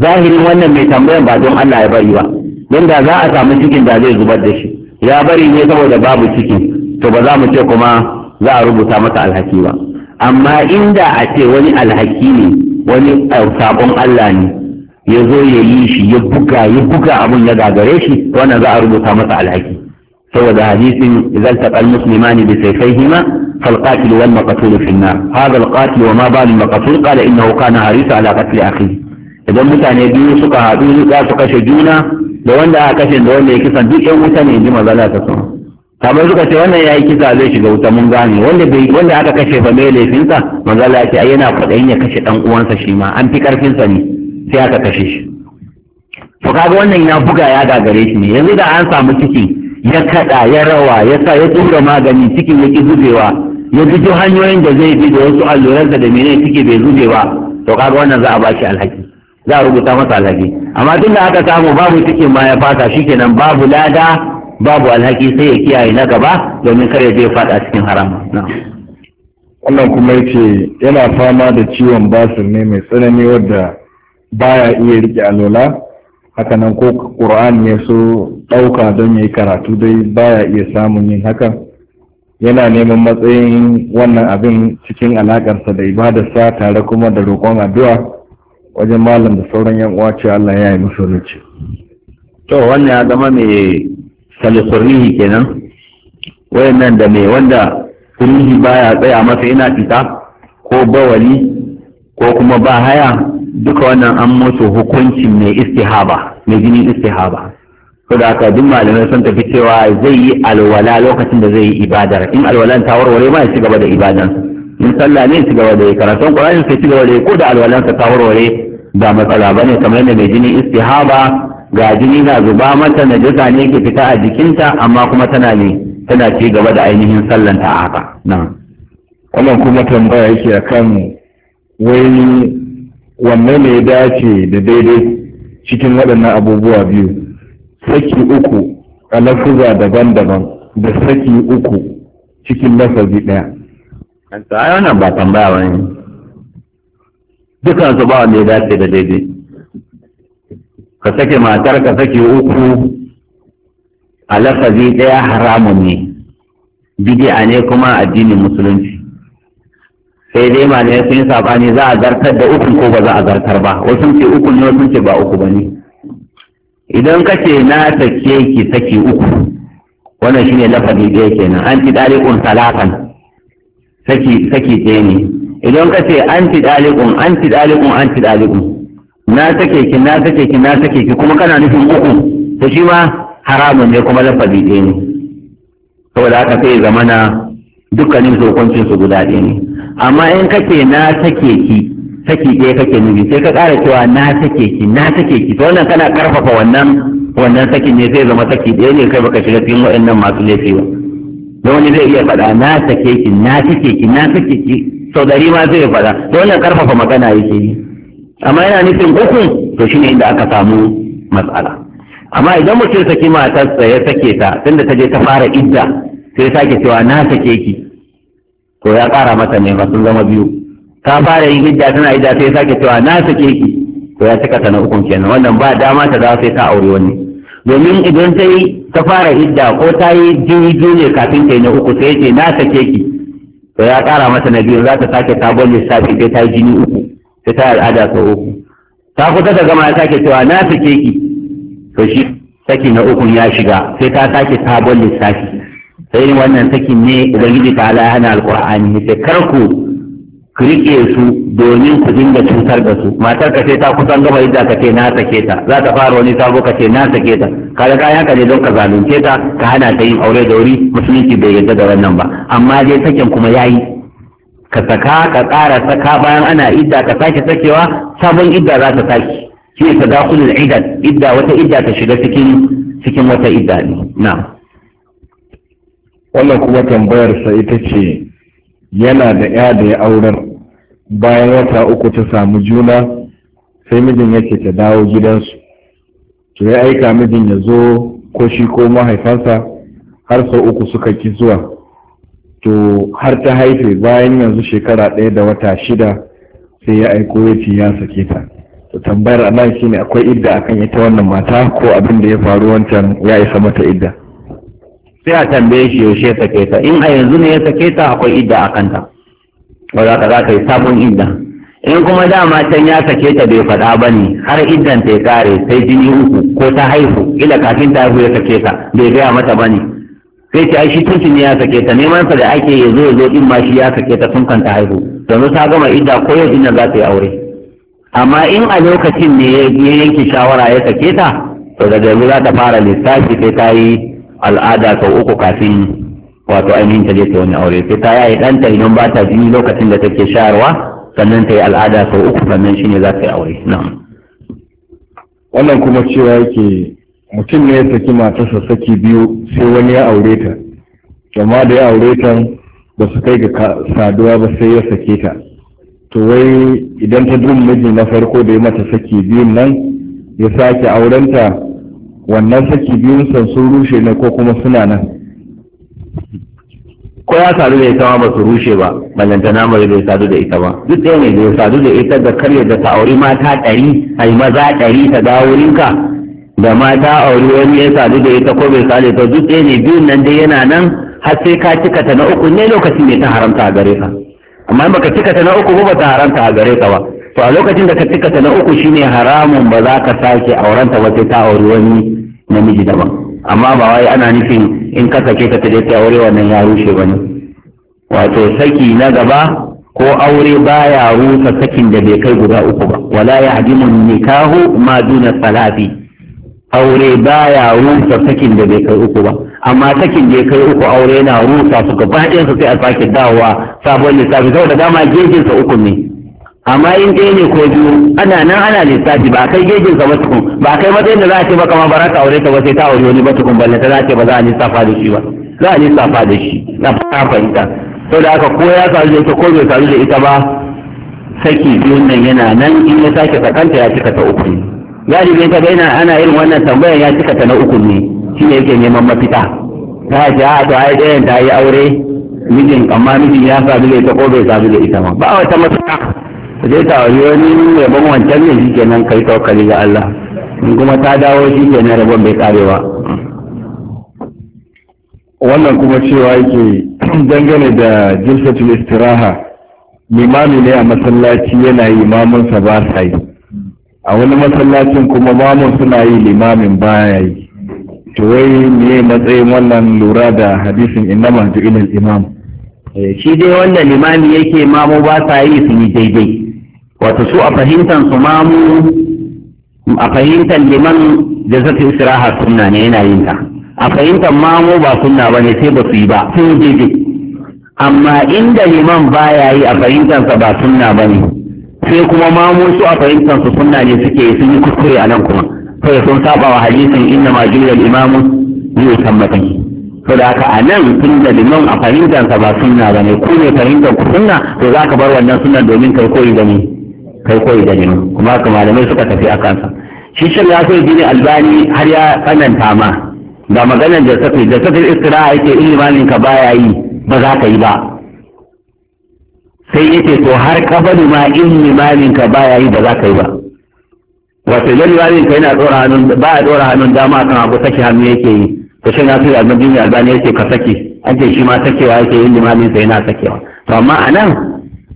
zahirin wannan mai tambayan ba don Allah ya bari ba don da za a samu cikin da zai zubar da shi ya bari ne saboda babu cikin to ba za mu ce kuma za a rubuta masa alhaki ba amma inda a ce wani alhaki ne wani eh, sabon Allah ne ya zo ya yi shi ya buga ya buga abun ya gagare shi wannan za a rubuta masa alhaki saboda hadisin idan taqal muslimani bi sayfayhima fal qatil wal maqtul fi nar hada al qatil wa ma bal al maqtul qala innahu kana harisa ala qatl akhihi idan mutane biyu suka haɗu za su kashe juna da wanda aka kashe da wanda ya kisa, duk yan wuta ne ji mazala ta sama kamar suka ce wannan ya yi kisa zai shiga wuta mun gane wanda bai wanda aka kashe fa mai laifinsa mazala ce ai yana kwaɗayin ya kashe ɗan uwansa shi ma an fi ƙarfinsa ne sai aka kashe shi to kaga wannan ya buga ya gagare shi ne yanzu da an samu ciki ya kada ya rawa ya sa ya tura magani cikin yake zubewa ya bi hanyoyin da zai bi da wasu alluransa da menene ciki bai zube ba to kaga wannan za a bashi alhaki za a rubuta masa alhaki amma tun da aka samu babu cikin ma ya fata shikenan babu lada babu alhaki sai ya kiyaye na gaba domin kar ya je fada cikin haram wannan kuma yace yana fama da ciwon basir ne mai tsanani wadda baya iya rike alola hakanan ko ƙur'ani ya so ɗauka don ya yi karatu dai baya iya samun yin hakan yana neman matsayin wannan abin cikin alaƙarsa da sa tare kuma da roƙon addu'a wajen malam da sauran yan uwa ce Allah ya yi musu rici to wannan ya zama mai salihurihi kenan wayannan da mai wanda kurihi baya tsaya masa yana fita ko bawali ko kuma ba haya duka wannan an musu hukuncin mai istihaba mai jinin istihaba saboda da haka duk malamai sun tafi cewa zai yi alwala lokacin da zai yi ibadar in alwalan ta warware ma ya ci gaba da ibadar in sallah ne ci gaba da yi karatun qur'ani sai ci gaba da yi ko da alwalansa ta warware ba matsala bane kamar yadda mai jini istihaba ga jini na zuba mata na jaza ne ke fita a jikinta amma kuma tana ne tana ci gaba da ainihin sallan ta haka na'am wannan kuma tambaya yake akan wai wanne ne ya dace da daidai cikin waɗannan abubuwa biyu saki uku a lafuza daban-daban da saki uku cikin lafazi ɗaya. ai wannan ba tambaya ba ne dukansu ba wanda ya dace da daidai ka sake matar ka sake uku a lafazi ɗaya haramun ne bidi'a ne kuma addinin musulunci sai dai ne sun yi saɓani za a zartar da uku ko ba za a zartar ba wasu ce uku ne wasu ce ba uku ba ne idan ka ce na sake ki saki uku wannan shine lafazi ɗaya nan. an ci dalikun talatan saki saki ce ne idan ka ce an ci ɗaliƙun an ci dalikun an ci ɗaliƙun na sake ki na sake ki na sake ki kuma kana nufin uku to shi ma haramun ne kuma lafazi ɗaya ne saboda haka sai zamana dukkanin dokokin su guda ɗaya ne amma in ka ce na sake ki saki ɗaya kake nufi sai ka ƙara cewa na sake ki na sake ki to wannan kana ƙarfafa wannan wannan sakin ne zai zama saki ɗaya ne kai baka shiga cikin waɗannan masu laifi ba don wani zai iya faɗa na sake ki na sake ki na sake ki sau dari ma zai faɗa to wannan ƙarfafa magana yake yi amma yana nufin ukun, to shine inda aka samu matsala amma idan mutum saki matarsa ya sake ta tunda ta je ta fara idda sai sake cewa na sake ki to ya ƙara mata ne ba sun zama biyu ka fara yin hijja tana hijja sai sake cewa na sake ki to ya cika ta na ukun kenan wannan ba dama ta dawo sai ta aure wani domin idan ta yi ta fara hijja ko ta yi jini jini kafin ta yi na uku sai ce na sake ki to ya kara mata na biyu za ta sake sabon lissafi sai ta yi jini uku sai ta al'ada sau uku ta kusa ta gama ya sake cewa na sake ki to shi saki na ukun ya shiga sai ta sake sabon lissafi sai wannan sakin ne ubangiji ta ala hana alqur'ani sai karku ku riƙe su domin ku dinga cutar da su matar ka ce ta kusan gama idan ka ce na sake ta za ta fara wani sabo ka ce na sake ta kaga kayan ka ne don ka zalunce ta ka hana ta yin aure da wuri musulunci bai yarda da wannan ba amma dai sakin kuma yayi ka saka ka ƙara saka bayan ana idda ka sake sakewa sabon idda za ta sake shi ne tadakulul idda wata idda ta shiga cikin cikin wata idda ne na wannan kuma tambayar sa ita ce yana da ya da ya aurar bayan wata uku ta samu juna sai mijin yake ta dawo gidansu to ya aika mijin ya zo ko shi ko mahaifansa har sau uku suka ki zuwa to har ta haife bayan yanzu shekara ɗaya da wata shida sai ya aiko ya ce ya sake ta to tambayar a nan shine akwai idda akan ita wannan mata ko abin da ya faru wancan ya isa mata idda sai a tambaye shi yaushe ya sake ta in a yanzu ne ya sake ta akwai idda akan ta ba za ka za ka yi sabon idda in kuma dama can ya sake ta bai faɗa ba ne har iddan ta kare sai jini uku ko ta haihu ila kafin ta haihu ya sake ta bai gaya mata ba ne sai ta shi tuntun ya sake ta neman sa da ake ya zo ya zo din ma shi ya sake ta tun kan ta haihu yanzu ta gama idda ko yau ina za ta yi aure amma in a lokacin ne ya yanke shawara ya sake ta to daga yanzu za ta fara lissafi sai ta yi al'ada sau uku kafin wato ainihin ta je ta wani aure sai ta yaye ɗanta idan ba ta jini lokacin da take shayarwa sannan ta yi al'ada sau uku sannan shine za ta yi aure na'am wannan kuma cewa yake mutum ne ya saki matarsa saki biyu sai wani ya aure ta amma da ya aure ta ba su kai ga saduwa ba sai ya sake ta to wai idan ta dun miji na farko da ya mata saki biyun nan ya sake aurenta wannan saki biyun san sun rushe ne ko kuma suna nan ko ya sadu da ita ma ba su rushe ba ballantana mai bai sadu da ita ba duk ɗaya ne da sadu da ita da karya da ta auri mata ɗari ai maza ɗari ta dawo wurinka da mata auri wani ya sadu da ita ko bai sadu ta duk ɗaya ne biyun nan dai yana nan har sai ka cika ta na uku ne lokacin ne ta haramta a gare ka amma in baka cika ta na uku ba ta haramta a gare ka ba to a lokacin da ka cika ta na uku shine haramun ba za ka sake aurenta ba sai ta auri wani namiji daban amma ba wai ana nufin in ka sake ka taje ta aure wannan ya rushe ba ne. wato saki na gaba ko aure baya rusa sakin da bai kai guda uku ba wala ya hadimu nikahu ma duna salati aure baya rusa sakin da bai kai uku ba amma sakin da ya kai uku aure na rusa su gaba ɗayan su sai a sake dawowa sabon lissafi saboda dama gejinsa uku ne amma in ɗaya ne ko biyu ana nan ana lissafi ba kai gejin ka ba tukun ba kai matsayin da za a ce ba kamar ba za ka aure ta ba sai ta aure wani ba tukun balle ta za a ce ba za a lissafa da shi ba za a lissafa da shi na fahimta sau da aka ko ya sadu da ita ko bai sadu da ita ba saki biyun nan yana nan in ya sake sakanta ya cika ta uku ne galibi ta gaina ana irin wannan tambayar ya cika ta na uku ne shi ne yake neman mafita ta ce a to ai ɗayan ta yi aure mijin amma mijin ya sadu da ita ko bai sadu da ita ba. ba wata mafita ka je ta wani wani rabon wancan ne shike nan kai tawakkali ga Allah in kuma ta dawo shike nan rabon bai karewa wannan kuma cewa yake dangane da jinsatul istiraha limami ne a masallaci yana yi sa ba sa yi a wani masallacin kuma mamun suna yi limamin baya yi to wai ne matsayin wannan lura da hadisin innama ju'ilal imam eh, shi dai wannan limami yake mamu ba sa yi su yi daidai wato su a fahimtar su mamu a fahimtar liman da zafi istiraha sunna ne yana yin ta a fahimtar mamu ba sunna ba ne sai ba su yi ba sun jeje amma inda liman ba ya yi a fahimtarsa ba sunna ba ne sai kuma mamu su a fahimtar su sunna ne suke yi sun yi kuskure a nan kuma sai sun saba wa hadisin inna ma jilal imamu yusammatan to da haka a nan tun da liman a fahimtarsa ba sunna ba ne ku ne fahimtar ku sunna to za ka bar wannan sunna domin kai koyi gani. kai koyi da liman kuma haka malamai suka tafi a kansa shi shan ya so jini albani har ya tsananta ma ga maganar da safi da safi istira yake in limamin ka baya yi ba za ka yi ba sai yake to har kabari ma in limamin ka baya yi ba za ka yi ba wato idan limamin ka yana dora hannun ba a dora hannun dama kan abu saki hannu yake yi to shan ya so albani albani yake ka saki an ce shi ma sakewa yake in limamin sa yana sakewa to amma anan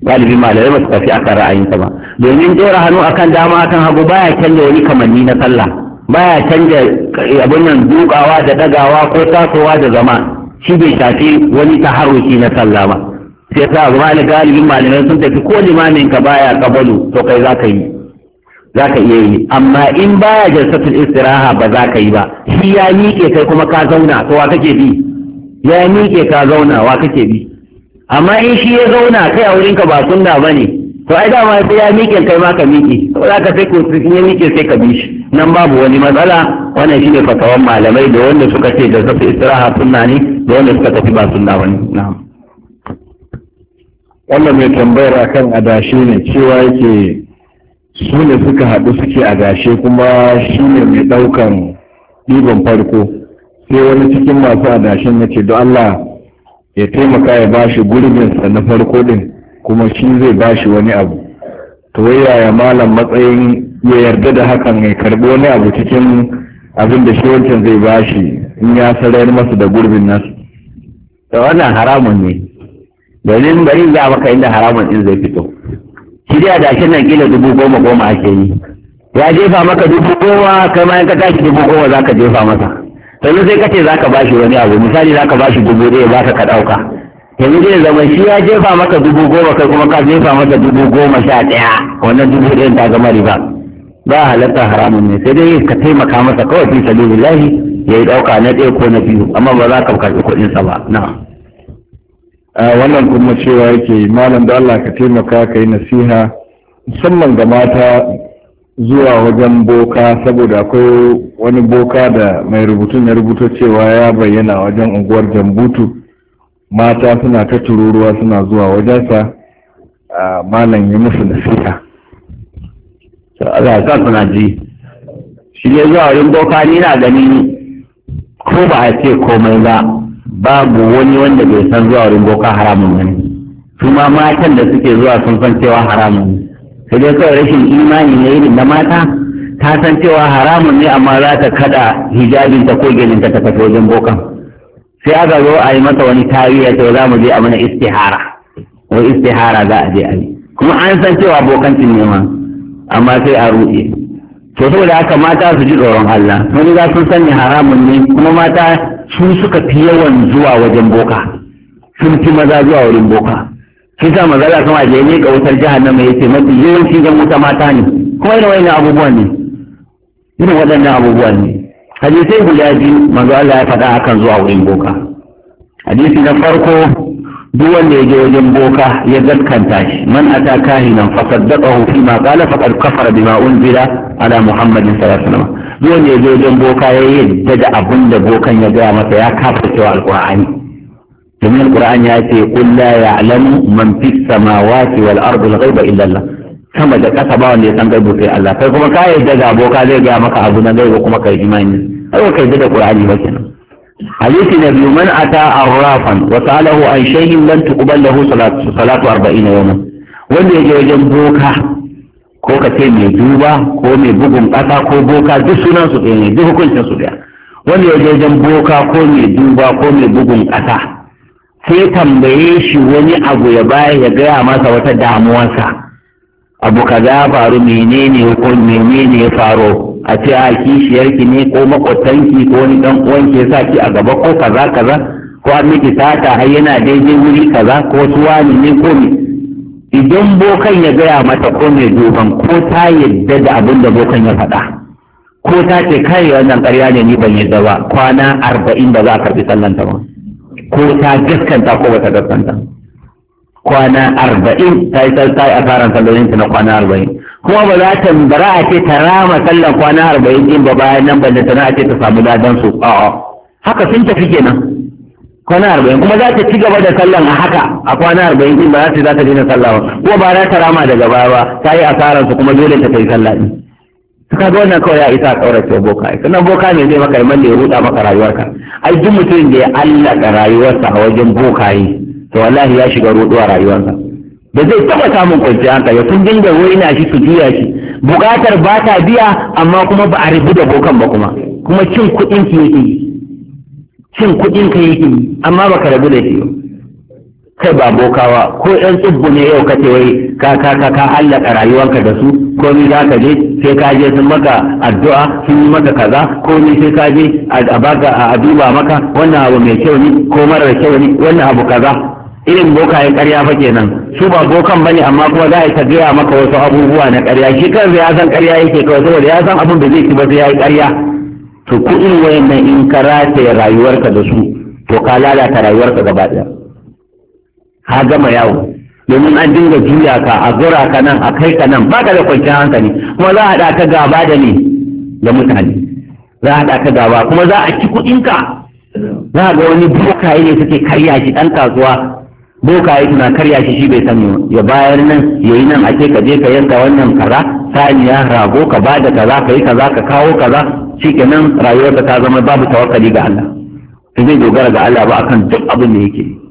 Galibin malamai ba su tafi akan ra'ayinsa ba domin dora hannu a kan dama akan hagu baya canja wani kamanni na sallah baya canja abin nan dukawa da dagawa ko tasowa da zama shi bai shafi wani taharruki na sallah ba sai sa zama da galibin malamai sun tafi ko limamin ka baya kabalu to kai za ka yi za ka iya yi amma in baya jalsatul istiraha ba za ka yi ba shi ya miƙe kai kuma ka zauna to wa kake bi ya miƙe ka zauna wa kake bi amma in shi ya zauna kai a wurinka ba sunna ba ne to ai dama sai ya miƙe kai ma ka miƙe za ka sai in ya miƙe sai ka bi shi nan babu wani matsala wannan shine fatawan malamai da wanda suka ce da zafi istiraha sunna ne da wanda suka tafi ba sunna ba ne na'am wannan mai tambayar akan adashi ne cewa yake su ne suka haɗu suke adashe kuma shi ne mai ɗaukan ɗiban farko sai wani cikin masu adashin ya ce don Allah ya taimaka ya bashi gurbinsa na farko din kuma shi zai bashi wani abu to yaya malam matsayin ya yarda da hakan ya karbi wani abu cikin abin da shi wancan zai bashi in ya sarayar masa da gurbin nasu da wannan haramun ne domin bari za maka inda haramun din zai fito shirya da shi nan kila dubu goma goma ake yi ya jefa maka dubu goma kai in ka tashi dubu goma za ka jefa masa yanzu sai kace zaka bashi wani abu misali za zaka bashi dubu ɗaya ba ka ɗauka yanzu zai zama shi ya jefa maka dubu goma kai kuma ka jefa maka dubu goma sha ɗaya wannan dubu ɗayan ta gama riba ba halatta haramun ne sai dai ka taimaka masa kawai fi sabilillahi ya yi ɗauka na ɗaya ko na biyu amma ba za ka karɓi sa ba na. Ah, wannan kuma cewa yake malam da Allah ka taimaka ka yi nasiha musamman ga mata zuwa wajen boka saboda akwai wani boka da mai rubutun ya rubuto cewa ya bayyana wajen unguwar jambutu mata suna ta tururuwa suna zuwa wajensa a malam yi musu nasiha Allah sa suna ji shi ne zuwa wajen boka ni na gani ko ba a ce komai ba babu wani wanda bai san zuwa wajen boka haramun ne su ma matan da suke zuwa sun san cewa haramun ne sai dai kawai rashin imani ne irin na mata ta san cewa haramun ne amma za ta kada hijabinta ko gelinta ta tafi wajen bokan sai aka zo a yi mata wani tariya to za mu je a mana istihara ko istihara za a je a yi kuma an san cewa bokancin ne ma amma sai a ruɗe to saboda haka mata su ji tsoron Allah wani za sun sanya haramun ne kuma mata su suka fi yawan zuwa wajen boka sun fi maza zuwa wurin boka shi sa manzala sama da ne ga wutar jahannama ya ce mafi yawanci yan wuta mata ne kuma irin wani abubuwa ne irin waɗannan abubuwa ne hadisai guda biyu manzo Allah ya faɗa akan zuwa wurin boka hadisi na farko duk wanda ya je wajen boka ya gaskanta shi man ata kahinan fa saddaqahu fi ma qala faqad kafara bima unzila ala muhammadin sallallahu alaihi wasallam duk wanda ya je wajen boka ya yi daga abin da bokan ya gaya masa ya kafa cewa alqur'ani domin alquran ya ce qul la ya'lamu man fis samawati wal ardi al ghaiba illa Allah sama da kasa ba wanda ya san gaibu sai Allah kai kuma ka yarda da aboka zai ga maka abu na gaibu kuma kai imani ai ka da qur'ani ba kenan hadisi na biyu man ata arrafan wa salahu an shay'in lan tuqbal lahu salatu salatu 40 wanda wajen boka ko ka ce mai duba ko mai bugun ko boka duk sunan su ɗaya ne duk hukuncin su ɗaya wanda ya wajen boka ko mai duba ko mai bugun ƙasa sai tambaye shi wani abu ya baya ya gaya masa wata damuwarsa abu kaza faru menene ko menene ya faru a ce a kishiyarki ne ko makwabtanki ko wani dan uwanki ya sa ki a gaba ko kaza kaza ko an miki sata har yana daidai wuri kaza ko wani ne ko me idan bokan ya gaya mata ko mai duban ko ta yadda da abin da bokan ya faɗa ko ta ce kai wannan ƙarya ne ni ban yadda ba kwana arba'in ba za a karɓi sallanta ba ko ta gaskanta ko ba ta gaskanta kwana arba'in ta yi a tsarin sallolin ta na kwana arba'in kuma ba za ta bara a ce ta rama sallan kwana arba'in din ba bayan nan ba balle na a ce ta samu ladan su a haka sun tafi kenan kwana arba'in kuma za ta ci gaba da sallan a haka a kwana arba'in din ba za ta za ta daina sallah ba kuma ba za ta rama daga baya ba ta yi asaran su kuma dole ta yi sallah din ka ga wannan kawai ya isa a kaurace boka ai sannan boka ne zai maka malle ya ruda maka rayuwarka ai duk mutumin da ya allaka rayuwarsa a wajen yi to wallahi ya shiga ruduwa rayuwarsa da zai taba samun kwanciyar hankali sun dinga waina shi su juya shi bukatar ba ta biya amma kuma ba a rubu da bokan ba kuma kuma cin kuɗin ki yake cin kuɗin ka yake amma ba ka rabu da shi kai ba bokawa ko ɗan tsibbu ne yau ka ce wai ka ka ka ka allaka rayuwarka da su komai za ka je sai ka je sun maka addu'a sun yi maka kaza ko ni sai ka je a baka a duba maka wannan abu mai kyau ne ko marar kyau ne wannan abu kaza irin bokayen ƙarya fa kenan su ba bokan bane amma kuma za a ta gaya maka wasu abubuwa na karya shi kansa ya san ƙarya yake kawai saboda ya san abin da zai ci ba sai ya yi karya to kuɗin wayannan in ka rataya rayuwarka da su to ka lalata rayuwarka gaba ɗaya ka gama yawo domin an dinga juya ka a zura ka nan a kai ka nan ba ka da kwanciyar hankali kuma za a haɗa ka gaba da ne da mutane za a haɗa ka gaba kuma za a ci kuɗinka za a ga wani bokaye ne suke karya shi ɗan kasuwa bokaye suna karya shi shi bai sani ya bayar nan ya yi nan a ke ka je ka yanka wannan kaza saniya rago ka ba da kaza ka yi kaza ka kawo kaza shi nan rayuwarka ta zama babu tawakkali ga Allah zai dogara ga Allah ba akan duk abin da yake yi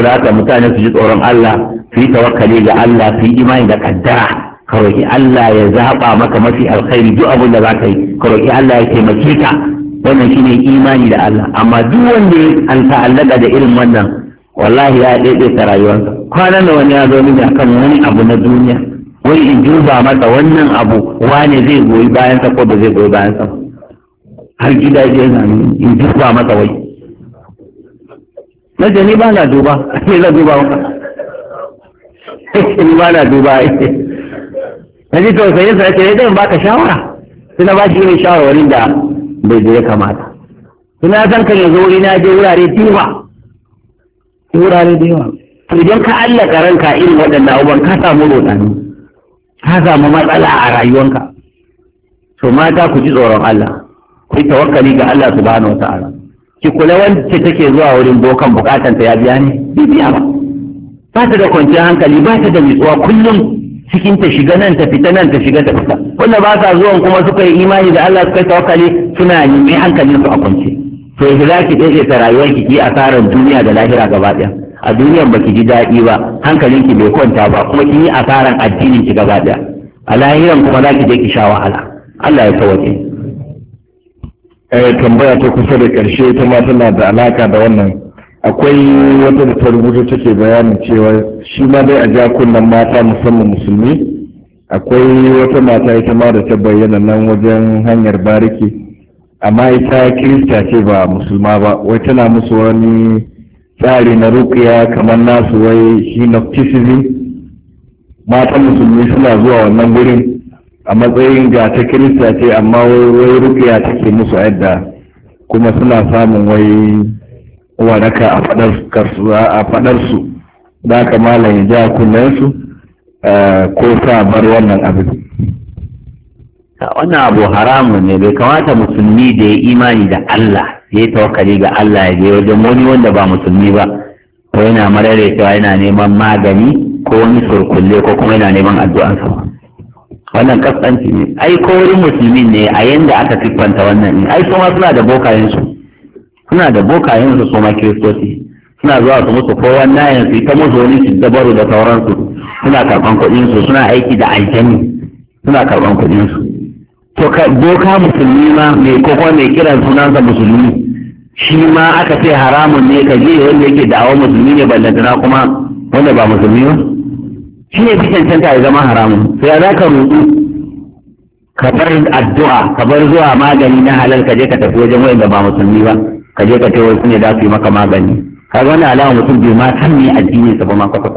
da haka mutane su ji tsoron Allah su yi tawakkali ga Allah su yi imani da kaddara ka roki Allah ya zaba maka mafi alkhairi duk abin da zaka yi ka roki Allah ya taimake ka wannan shine imani da Allah amma duk wanda ya ta'allaka da irin wannan wallahi ya daidaita rayuwarsa kwanan da wani ya zo mini akan wani abu na duniya wai in duba masa wannan abu wane zai goyi bayan sa ko ba zai goyi bayan sa har gidaje na in duba masa wai na je ni ba na duba ne [LAUGHS] na duba wa [LAUGHS] ni ba na duba na ji tausayin sa ce zai baka shawara sai na ba shi irin shawarwarin da bai da ya kamata suna san kan yanzu wuri na je wurare diwa wurare diwa to idan ka allaka ranka irin waɗannan abubuwan ka samu rodani ka samu matsala a rayuwanka to mata ku ji tsoron Allah ku yi tawakkali ga Allah subhanahu wa ta'ala ki kula wanda take zuwa wurin bokan bukatan ta ya biya ne bibiya ba ba ta da kwanciyar hankali ba ta da nutsuwa kullum cikin ta shiga nan ta fita nan ta shiga ta fita wanda ba sa zuwan kuma suka yi imani da Allah suka tawakkali suna mai hankalin su a kwance to yanzu za ki dace ta rayuwar ki ki asarar duniya da lahira gaba daya a duniyan baki ji daɗi ba hankalin ki bai kwanta ba kuma kin yi asaran addinin ki gaba daya a lahiran kuma za ki je ki sha wahala Allah ya tawakkali Eh, tambaya ta kusa da ƙarshe ta ma tana da alaka da wannan akwai wata da ta rubuta take bayanin cewa shi ma dai a ja kunnen mata musamman musulmi akwai wata mata ita ma da ta bayyana nan wajen hanyar bariki amma ita kirista ce ba musulma ba wai tana musu wani tsari na rukiya kamar nasu wai hinopticism mata musulmi suna zuwa wannan gurin a matsayin ga ta kirista ce amma wai rukiya take musu yadda kuma suna samun wai waraka a fadar su da ka malam ya ja su eh, ko sa bar wannan abin wannan abu haramun ne bai kamata musulmi da ya imani da Allah ya tawakkali ga Allah ya je wajen wani wanda ba musulmi ba ko yana mararewa yana neman magani ko wani surkulle ko kuma yana neman addu'ansa wannan kasance ne ai ko wurin musulmi ne a yanda aka siffanta wannan ne ai kuma suna da bokayensu suna da bokayensu su kuma kristoci suna zuwa su musu ko wannan yanzu ta musu wani shi dabaru da sauransu suna kudin kuɗinsu suna aiki da aljani suna kudin kuɗinsu to ka boka musulmi ma mai ko kuma mai kiran sa musulmi shi ma aka ce haramun ne ka je wanda yake da'awar musulmi ne ballantana kuma wanda ba musulmi ba shi ne cikin cancanta ya zama haramun Sai ya za ka rudu ka bar addu'a ka bar zuwa magani na halal ka je ka tafi wajen da ba musulmi ba ka je ka ce wasu ne za su yi maka magani ka ga wani alama mutum bai ma san me addini sa ba ma kwata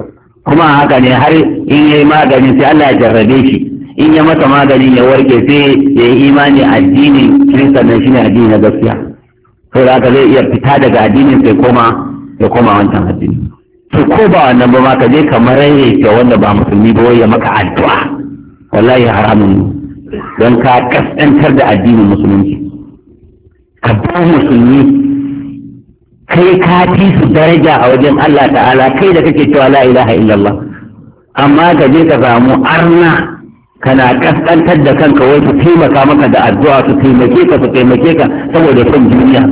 kuma haka ne har in yayi magani sai Allah ya jarrabe shi in ya masa magani ya warke sai ya yi imani addini kirista nan shine addini na gaskiya Sai da haka zai iya fita daga addinin sai koma ya koma wancan addini to ko ba wannan ba ma ka je ka maraye ga wanda ba musulmi ba ya maka addu'a wallahi haramun don ka kasantar da addinin musulunci ka ba musulmi kai ka fi su daraja a wajen Allah ta'ala kai da kake cewa la ilaha illallah amma ka je ka samu arna kana kasantar da kanka wai su taimaka maka da addu'a su taimake ka su taimake ka saboda son duniya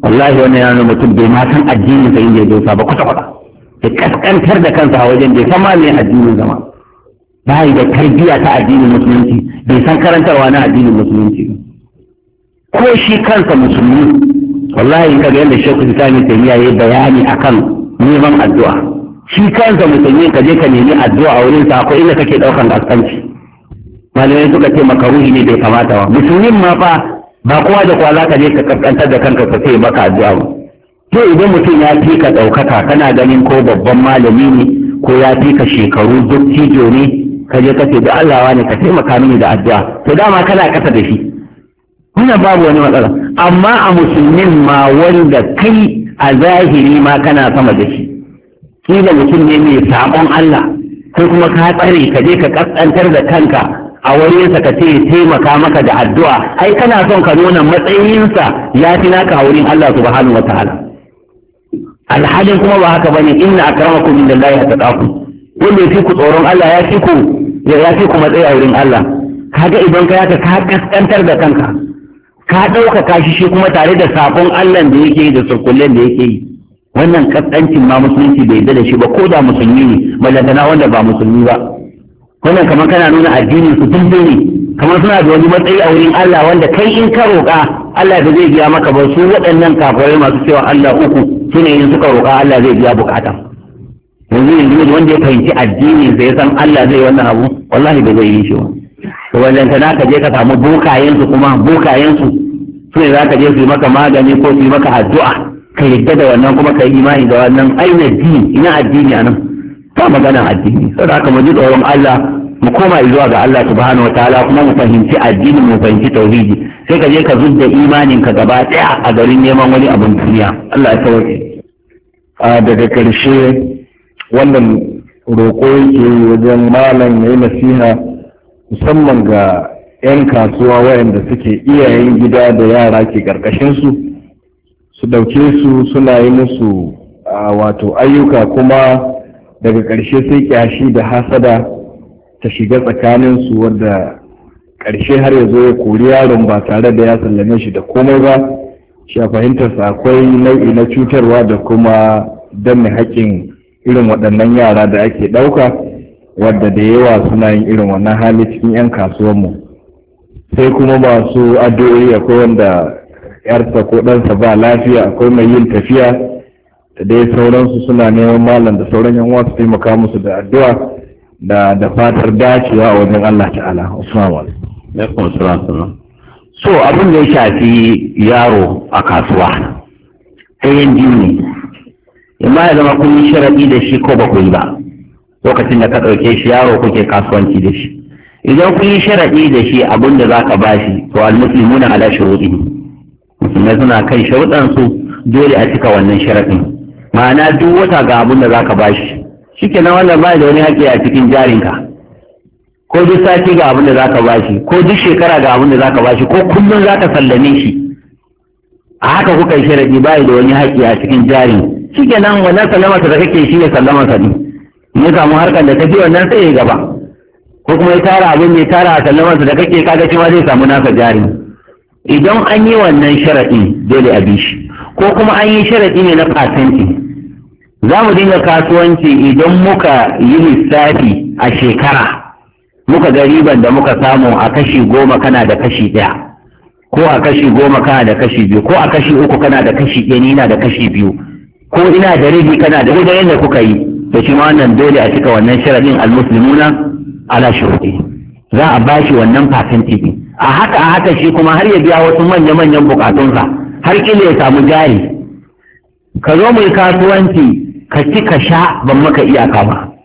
wallahi wannan yana mutum bai ma san addinin sa inda ya sa ba kwata kwata ya kaskantar da kansa a wajen bai san ma mai addinin zama bai da tarbiyya ta addinin musulunci bai san karantarwa na addinin musulunci ko shi kansa musulmi wallahi kaga yadda shekku islami taimiya ya bayani akan neman addu'a shi kansa musulmi ka je ka nemi addu'a a wurin sa ko inda kake daukan kaskanci malamai suka ce makaruhi ne bai kamata ba musulmin ma fa ba kowa da kowa za ka ka kaskantar da kanka ka ce baka addu'a ba sai idan mutum ya fi ka ɗaukaka kana ganin ko babban malami ne ko ya fika ka shekaru duk cijo ne ka je kace da Allah ne ka taimaka mini da addu'a to dama kana kasa da shi wannan babu wani matsala amma a musulmin ma wanda kai a zahiri ma kana sama da shi kila mutum ne mai saɓon Allah ko kuma ka tsare ka je ka kaskantar da kanka a wurinsa ka ce taimaka maka da addu'a ai kana son ka nuna matsayinsa ya fi naka a wurin Allah subhanahu wataala alhalin kuma ba haka bane inna akramakum indallahi atqakum wanda yafi ku tsoron Allah ya fi ku ya fi ku matsayi a wurin Allah kaga idan ka yaka ka kaskantar da kanka ka ɗaukaka shi shi kuma tare da sabon Allah da yake yi da surkullen da yake yi wannan kaskancin ma musulunci bai yarda da shi ba ko da musulmi ne ballantana wanda ba musulmi ba wannan kamar kana nuna addinin su tun ne kamar suna da wani matsayi a wurin Allah wanda kai in ka roƙa Allah da zai biya maka ba su waɗannan kafirai masu cewa Allah uku ne in suka roƙa Allah zai biya bukata yanzu yanzu wanda ya fahimci addini sai san Allah zai wannan abu wallahi ba zai yi shi ba to na ta ka je ka samu bukayensu su kuma bukayensu su su ne zaka je su yi maka magani ko su yi maka addu'a ka yadda da wannan kuma ka yi imani da wannan aina din ina addini anan ba magana addini saboda haka mu ji tsoron Allah mu koma zuwa ga Allah subhanahu wa ta'ala kuma mu fahimci addini mu fahimci tauhidi sai ka je ka zudda imanin ka gaba daya a garin neman wani abun duniya Allah ya sauke a daga ƙarshe wannan roƙo yake wajen malam ya yi nasiha musamman ga 'yan kasuwa waɗanda suke iyayen gida da yara ke ƙarƙashinsu su ɗauke su suna yi musu wato ayyuka kuma daga ƙarshe sai ƙyashi da hasada ta shiga tsakaninsu wadda ƙarshe har ya zo ya kori yaron ba tare da ya sallame shi da komai ba shi a fahimtarsa akwai nau'i na cutarwa da kuma danne haƙƙin irin waɗannan yara da ake ɗauka wadda da yawa suna yin irin wannan hali cikin 'yan kasuwanmu sai kuma masu addu'o'i akwai wanda yarsa ko ɗansa ba lafiya akwai mai yin tafiya da dai sauransu suna neman malam da sauran yan wasu taimaka musu da addu'a da da fatar dacewa a wajen Allah ta'ala. Assalamu alaikum. so abin da ya shafi yaro a kasuwa ɗayan biyu ne imma ya zama kun yi sharaɗi da shi ko ba ku ba lokacin da ka ɗauke shi yaro kuke kasuwanci da shi idan kun yi sharaɗi da shi abin da za ka ba shi to muna ala shuruɗi musulmai suna kai sharuɗansu dole a cika wannan sharaɗin ma'ana duk wata ga abin da za ka ba shi shi kenan wannan ba da wani haƙƙi a cikin jarinka ko duk sati ga abin da za ka bashi ko duk shekara ga abin da za ka bashi ko kullum za ka sallame shi a haka kuka yi sharadi bayi da wani haƙƙi a cikin jari shi ke nan wannan sallamarsa da kake shi ya sallamarsa ne ya samu harkar da tafi wannan sai ya gaba ko kuma ya tara abin mai tara a sallamarsa da kake kaga shi ma zai samu nasa jari idan an yi wannan sharaɗi dole a bi shi ko kuma an yi sharaɗi ne na fasanti za mu dinga kasuwanci idan muka yi lissafi a shekara muka ga riban da muka samu a kashi goma kana da kashi ɗaya ko a kashi goma kana da kashi biyu ko a kashi uku kana da kashi ɗaya ni na da kashi biyu ko ina da ribi kana da rabi yadda kuka yi Da shi ma wannan dole a cika wannan sharadin almuslimuna ala shuruɗi za a bashi wannan percentage ne a haka a haka shi kuma har ya biya wasu manya-manyan bukatunsa har kila ya samu jari ka zo mu yi kasuwanci ka ci ka sha ban maka iyaka ba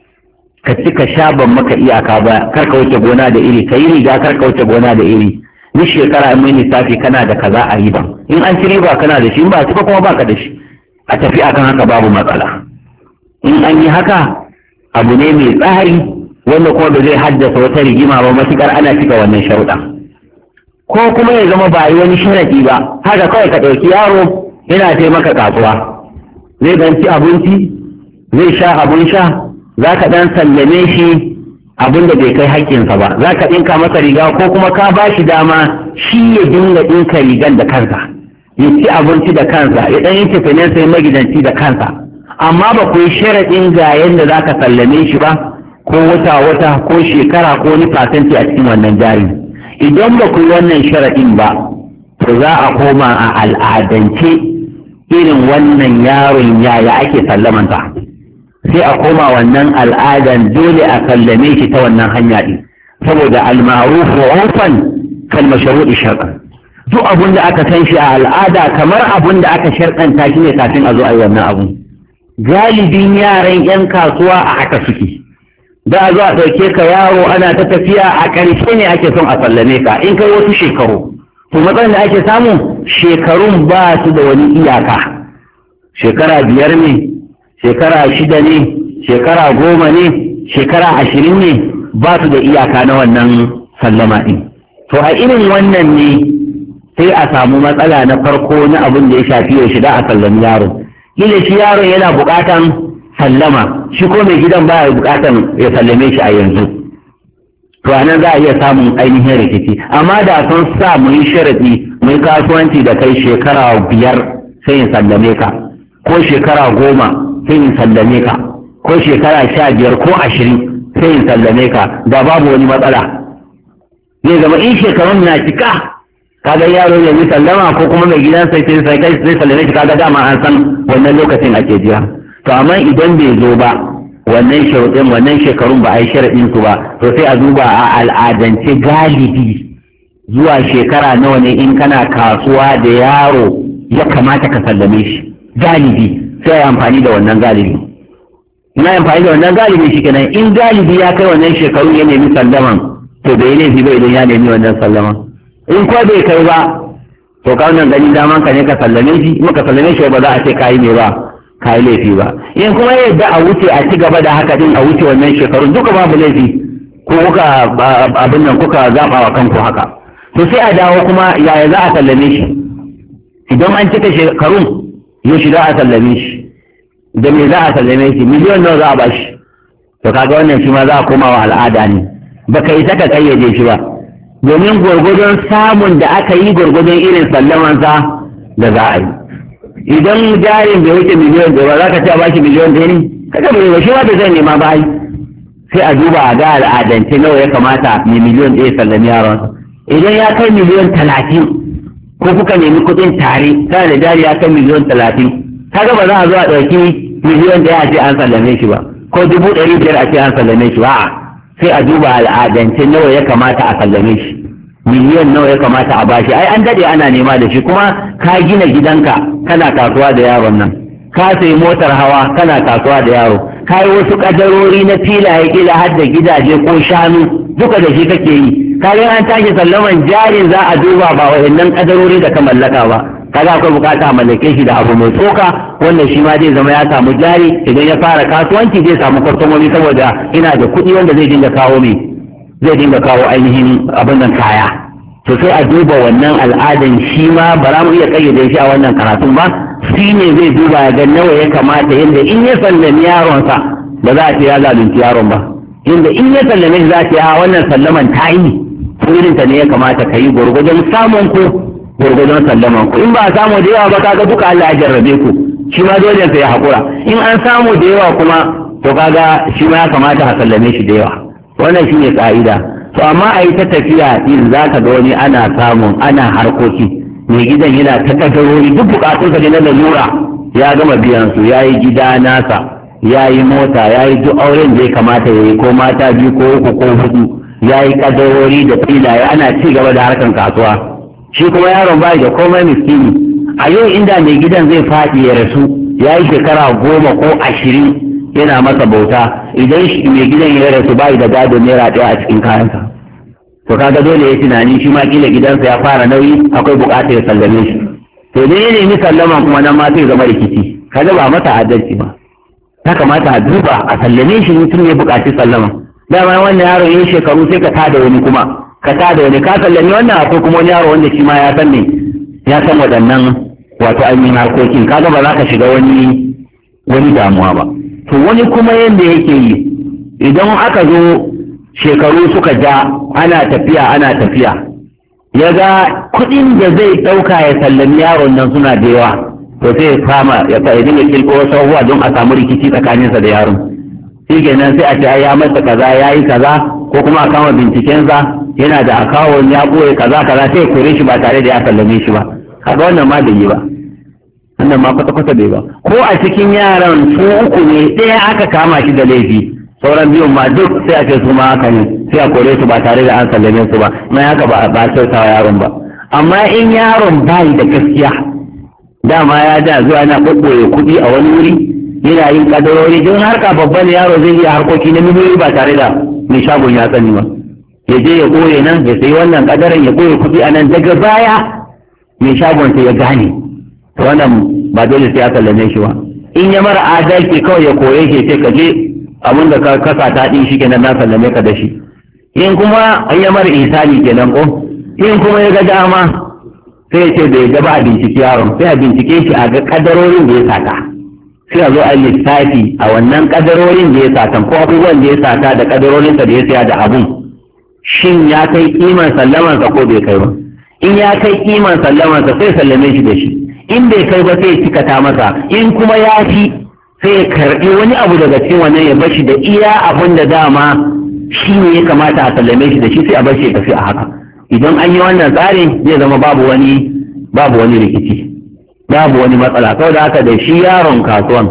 ka ci ka sha ban maka iyaka ba kar ka wuce gona da iri ka yi riga kar ka wuce gona da iri ni shekara in mai lissafi kana da kaza a riba in an ci riba kana da shi in ba ci ba kuma baka da shi a tafi akan haka babu matsala in an yi haka abu ne mai tsari wanda kuma ba zai haddasa wata rigima ba matuƙar ana cika wannan shauɗa. ko kuma ya zama ba yi wani sharaɗi ba haka kawai ka ɗauki yaro yana taimaka kasuwa zai ganci abinci zai sha abin sha za ka ɗan sallame shi abin da bai kai haƙƙinsa ba za ka ɗinka masa riga ko kuma ka ba shi dama shi ya dinga ɗinka rigan da kansa ya ci abinci da kansa ya ɗan yanke fenensa ya magidanci da kansa amma ba ku yi sharaɗin ga yadda za ka sallame shi ba ko wata wata ko shekara ko wani fasanti a cikin wannan jari idan ba ku yi wannan sharaɗin ba to za a koma a al'adance irin wannan yaron yaya ake sallamanta sai a koma wannan al'adan dole a kallame shi ta wannan hanya ɗin saboda al-ma'ruf wa urfan kal mashru'i shar'an duk abun da aka san shi a al'ada kamar abun da aka sharkanta shi ne kafin a zo a yi wannan abun galibin yaran 'yan kasuwa a haka suke da a zo a ɗauke ka yaro ana ta tafiya a ƙarshe ne ake son a sallame ka in kai wasu shekaru to matsalar da ake samu shekarun ba su da wani iyaka shekara biyar ne shekara shida ne shekara goma ne shekara ashirin ne ba su da iyaka na wannan sallama ɗin to a irin wannan ne sai a samu matsala na farko na abin da ya shafi ya shida a sallami yaro kila shi yaro yana buƙatan sallama shi ko mai gidan ba ya buƙatan ya sallame shi a yanzu to anan za a iya samun ainihin rikici amma da sun sa mu yi sharadi mu yi kasuwanci da kai shekara biyar sai ya sallame ka ko shekara goma sai in sallame ka ko shekara sha biyar ko ashirin sai in sallame ka da babu wani matsala zai zama in shekarun na cika kaga yaro ya yi sallama ko kuma mai gidan sai sai sai kai sai sallame shi kaga dama an san wannan lokacin ake jiya to amma idan bai zo ba wannan shekarun wannan shekarun ba a yi sharaɗin su ba to sai a duba a al'adance galibi zuwa shekara nawa ne in kana kasuwa da yaro ya kamata ka sallame shi galibi ta ya amfani da wannan galibi ina amfani da wannan galibi shi kenan in galibi ya kai wannan shekaru ya nemi sallaman to bai laifi ba idan ya nemi wannan sallaman in ko bai kai ba to ka wannan gani dama ka ne ka sallame shi ka sallame shi ba za a ce kayi me ba kayi laifi ba in kuma yadda a wuce a ci gaba da haka din a wuce wannan shekaru duka babu laifi ko kuka abin nan kuka zaɓa wa kanku haka to sai a dawo kuma yaya za a sallame shi idan an cika shekarun ya za a sallame shi da me za a sallame shi miliyon nawa za a ba shi? to kaga wannan shi ma za a koma wa al'ada ne ka isa ka kayyade shi ba domin gwargwadon samun da aka yi gwargwadon irin sallamansa da za a yi idan jarin bai wuce miliyon ɗaya ba za ka ce a bashi miliyon ɗaya ne kaga bai ba shi ma da zai nema ba ai sai a duba a ga al'adance nawa ya kamata mai miliyon ɗaya sallami yaron idan ya kai miliyon talatin ko kuka nemi kuɗin tare tana da jari ya kan miliyon talatin kaga ba za a zo a ɗauki miliyon ɗaya a ce an sallame shi ba ko dubu ɗari biyar a ce an sallame shi ba sai a duba al'adance nawa ya kamata a sallame shi miliyan nawa ya kamata a bashi ai an daɗe ana nema da shi kuma ka gina gidanka kana kasuwa da yaron nan ka sayi motar hawa kana kasuwa da yaro ka yi wasu kadarori na filaye kila har da gidaje ko shanu duka da shi kake yi kaga an tashi sallaman jarin za a duba ba wa'annan kadarori da ka mallaka ba kaga akwai bukata a mallake shi da abu mai tsoka wannan shi ma zai zama ya samu jari idan ya fara kasuwanci zai samu kwastomomi saboda ina da kuɗi wanda zai dinga kawo mai zai dinga kawo ainihin abin nan kaya to sai a duba wannan al'adan shi ma ba za mu iya kayyade shi a wannan karatun ba shi ne zai duba ya ga nawa ya kamata yadda in ya sallami yaronsa ba za a ce ya zalunci yaron ba Yadda in ya sallame shi za a ce a wannan sallaman ta yi irin ta ne ya kamata ka yi gwargwadon samun ku gwargwadon sallaman ku in ba a samu da yawa ba kaga duka Allah ya jarrabe ku shi ma dole ya hakura in an samu da yawa kuma to kaga shi ma ya kamata a sallame shi da yawa wannan shine ka'ida to amma a yi ta tafiya za ka ga wani ana samun ana harkoki mai gidan yana ta kadarori duk bukatunsa ne na lalura ya gama biyan su ya yi gida nasa ya yi mota ya yi duk auren da ya kamata ya yi ko mata biyu ko uku ko hudu ya yi kadarori da filaye ana ci gaba da harkan kasuwa shi kuma yaron bai da komai miskini a yau inda mai gidan zai faɗi ya rasu ya yi shekara goma ko ashirin yana masa bauta idan shi mai gidan ya rasu bai da gado naira ɗaya a cikin kayansa to kaga dole ya tunani shi ma kila gidansa ya fara nauyi akwai buƙatar ya sallame shi to ne ya nemi sallama kuma nan ma sai zama rikici kaga ba masa adalci ba ta kamata a duba a sallame shi mutum ya buƙaci sallama dama wannan yaro ya shekaru sai ka tada wani kuma ka tada wani ka sallami wannan akwai kuma wani yaro wanda shi ma ya san ne ya san waɗannan wato ainihin harkokin kaga ba za ka shiga wani wani damuwa ba to wani kuma yanda yake yi idan aka zo shekaru suka ja ana tafiya ana tafiya ya ga kuɗin da zai ɗauka ya sallami yaron nan suna da yawa to sai ya kama ya fa'idin ya kilko wasu abubuwa don a samu rikici tsakaninsa da yaron shi kenan sai a ce ya masa kaza ya yi kaza ko kuma a kama bincikensa yana da akawon ya ɓoye kaza kaza sai kore shi ba tare da ya sallame shi ba kaga wannan ma bai yi ba wannan ma kwata-kwata bai ba ko a cikin yaran su uku ne ɗaya aka kama shi da laifi sauran biyun ma duk sai a ce su ma haka ne sai a kore su ba tare da an sallame su ba na haka ba a kyautawa yaron ba amma in yaron bai da gaskiya dama ya da zuwa yana ɓoɓɓoye kuɗi a wani wuri yana yin kadarori don harka babban yaro zai yi harkoki na miliyoyi ba tare da mai shagon ya sani ba ya je ya koye nan ya sayi wannan kadaran ya koye kuɗi a nan daga baya mai shagon sai ya gane wannan ba dole sai ya sallame shi ba in ya mara adalci kawai ya koye shi sai ka je abin da ka kasa ta ɗin shi kenan na sallame ka da shi in kuma an ya mara isali kenan ko in kuma ya ga dama sai ya ce bai gaba a bincike yaron sai a bincike shi a ga kadarorin da ya saka sai a zo a lissafi a wannan kadarorin da ya sata ko abubuwan da ya sata da kadarorin da ya saya da abun shin ya kai kiman sa ko bai kai ba in ya kai kiman sa, sai sallame shi da shi in bai kai ba sai cika ta masa in kuma ya fi sai ya karbi wani abu daga cikin wannan ya bashi da iya abun da dama shi ne ya kamata a sallame shi da shi sai a bashi ya tafi a haka idan an yi wannan tsarin zai zama babu wani babu wani rikici babu wani matsala da haka da shi yaron kasuwan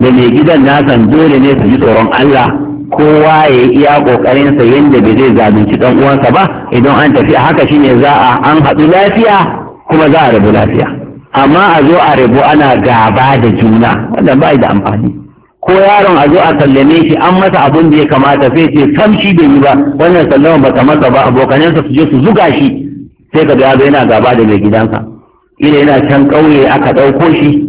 da mai gidan nasan dole ne su ji tsoron Allah kowa ya yi iya kokarin sa yanda bai zai zalunci dan uwansa ba idan an tafi haka shine za a an haɗu lafiya kuma za a rabu lafiya amma a zo a rabu ana gaba da juna wannan ba da amfani ko yaron a zo a sallame shi an masa abin da ya kamata sai ce kam shi bai yi ba wannan sallama ba ta masa ba abokanansa su je su zuga shi sai ka ga yana gaba da mai gidansa Ina yana can ƙauye aka ɗauko shi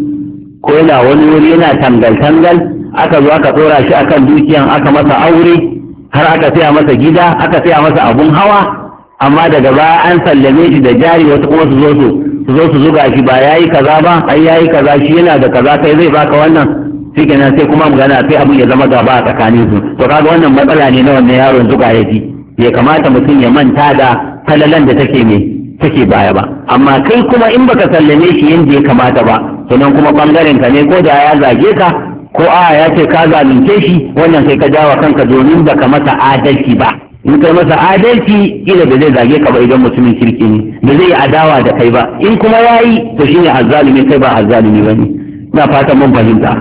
ko yana wani wuri yana tangal-tangal aka zo aka tsora shi akan dukiyan aka masa aure har aka saya masa gida aka saya masa abun hawa amma daga baya an sallame shi da jari wasu kuma su zo su su zo su zuga shi ba yayi kaza ba ai yayi kaza shi yana da kaza kai zai baka wannan shikenan sai kuma magana sai abun ya zama gaba a tsakanin su to kaga wannan matsala ne na wannan yaron zuga ya ji kamata mutum ya manta da falalan da take mai take baya ba amma kai kuma in baka sallame shi yanda ya kamata ba sannan kuma bangaren ka ne ko da ya zage ka ko a ya ce ka zalunce shi wannan sai ka jawa kanka domin baka masa adalci ba in kai masa adalci kila da zai zage ka ba idan mutumin kirki ne da zai yi adawa da kai ba in kuma yayi to shine azzalimi kai ba azzalimi bane ina fatan mun fahimta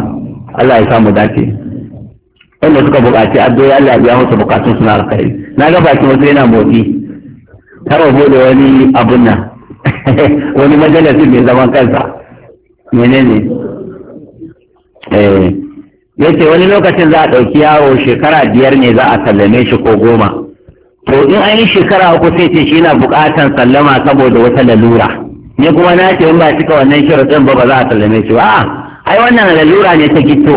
Allah ya samu dace wanda suka bukaci addu'a Allah ya biya musu bukatun suna alkhairi na ga baki wasu yana motsi ta rabu da wani abun nan [LAUGHS] wani majalisi mai zaman kansa menene eh ce wani lokacin za a ɗauki yawo shekara biyar ne za a sallame shi ko goma to in an yi shekara uku sai ce shi na buƙatar sallama saboda wata lalura ni kuma na ce in ba cika wannan shirin ba ba za a sallame shi ba a ai wannan lalura ne ta gito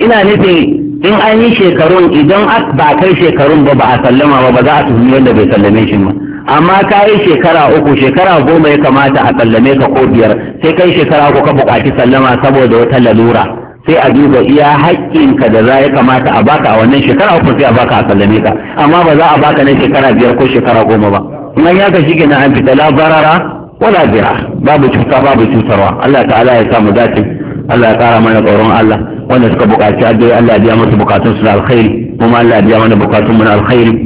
ina nufin in an yi shekarun idan ba kai shekarun ba ba a sallama ba ba za a tuhumi wanda bai sallame shi ba amma ka yi shekara uku shekara goma ya kamata a sallame ka ko biyar sai kai shekara uku ka buƙaci sallama saboda wata lalura sai a duba iya haƙƙinka da za ya kamata a baka a wannan shekara uku sai a baka a sallame ka amma ba za a baka na shekara biyar ko shekara goma ba kuma ya ka shige na an fita labarara barara wala babu cuta babu cutarwa Allah ta'ala ya samu dace Allah ya kara mana tsoron Allah wanda suka buƙaci addu'a Allah ya biya musu bukatun su alkhairi kuma Allah ya biya mana bukatun mu na alkhairi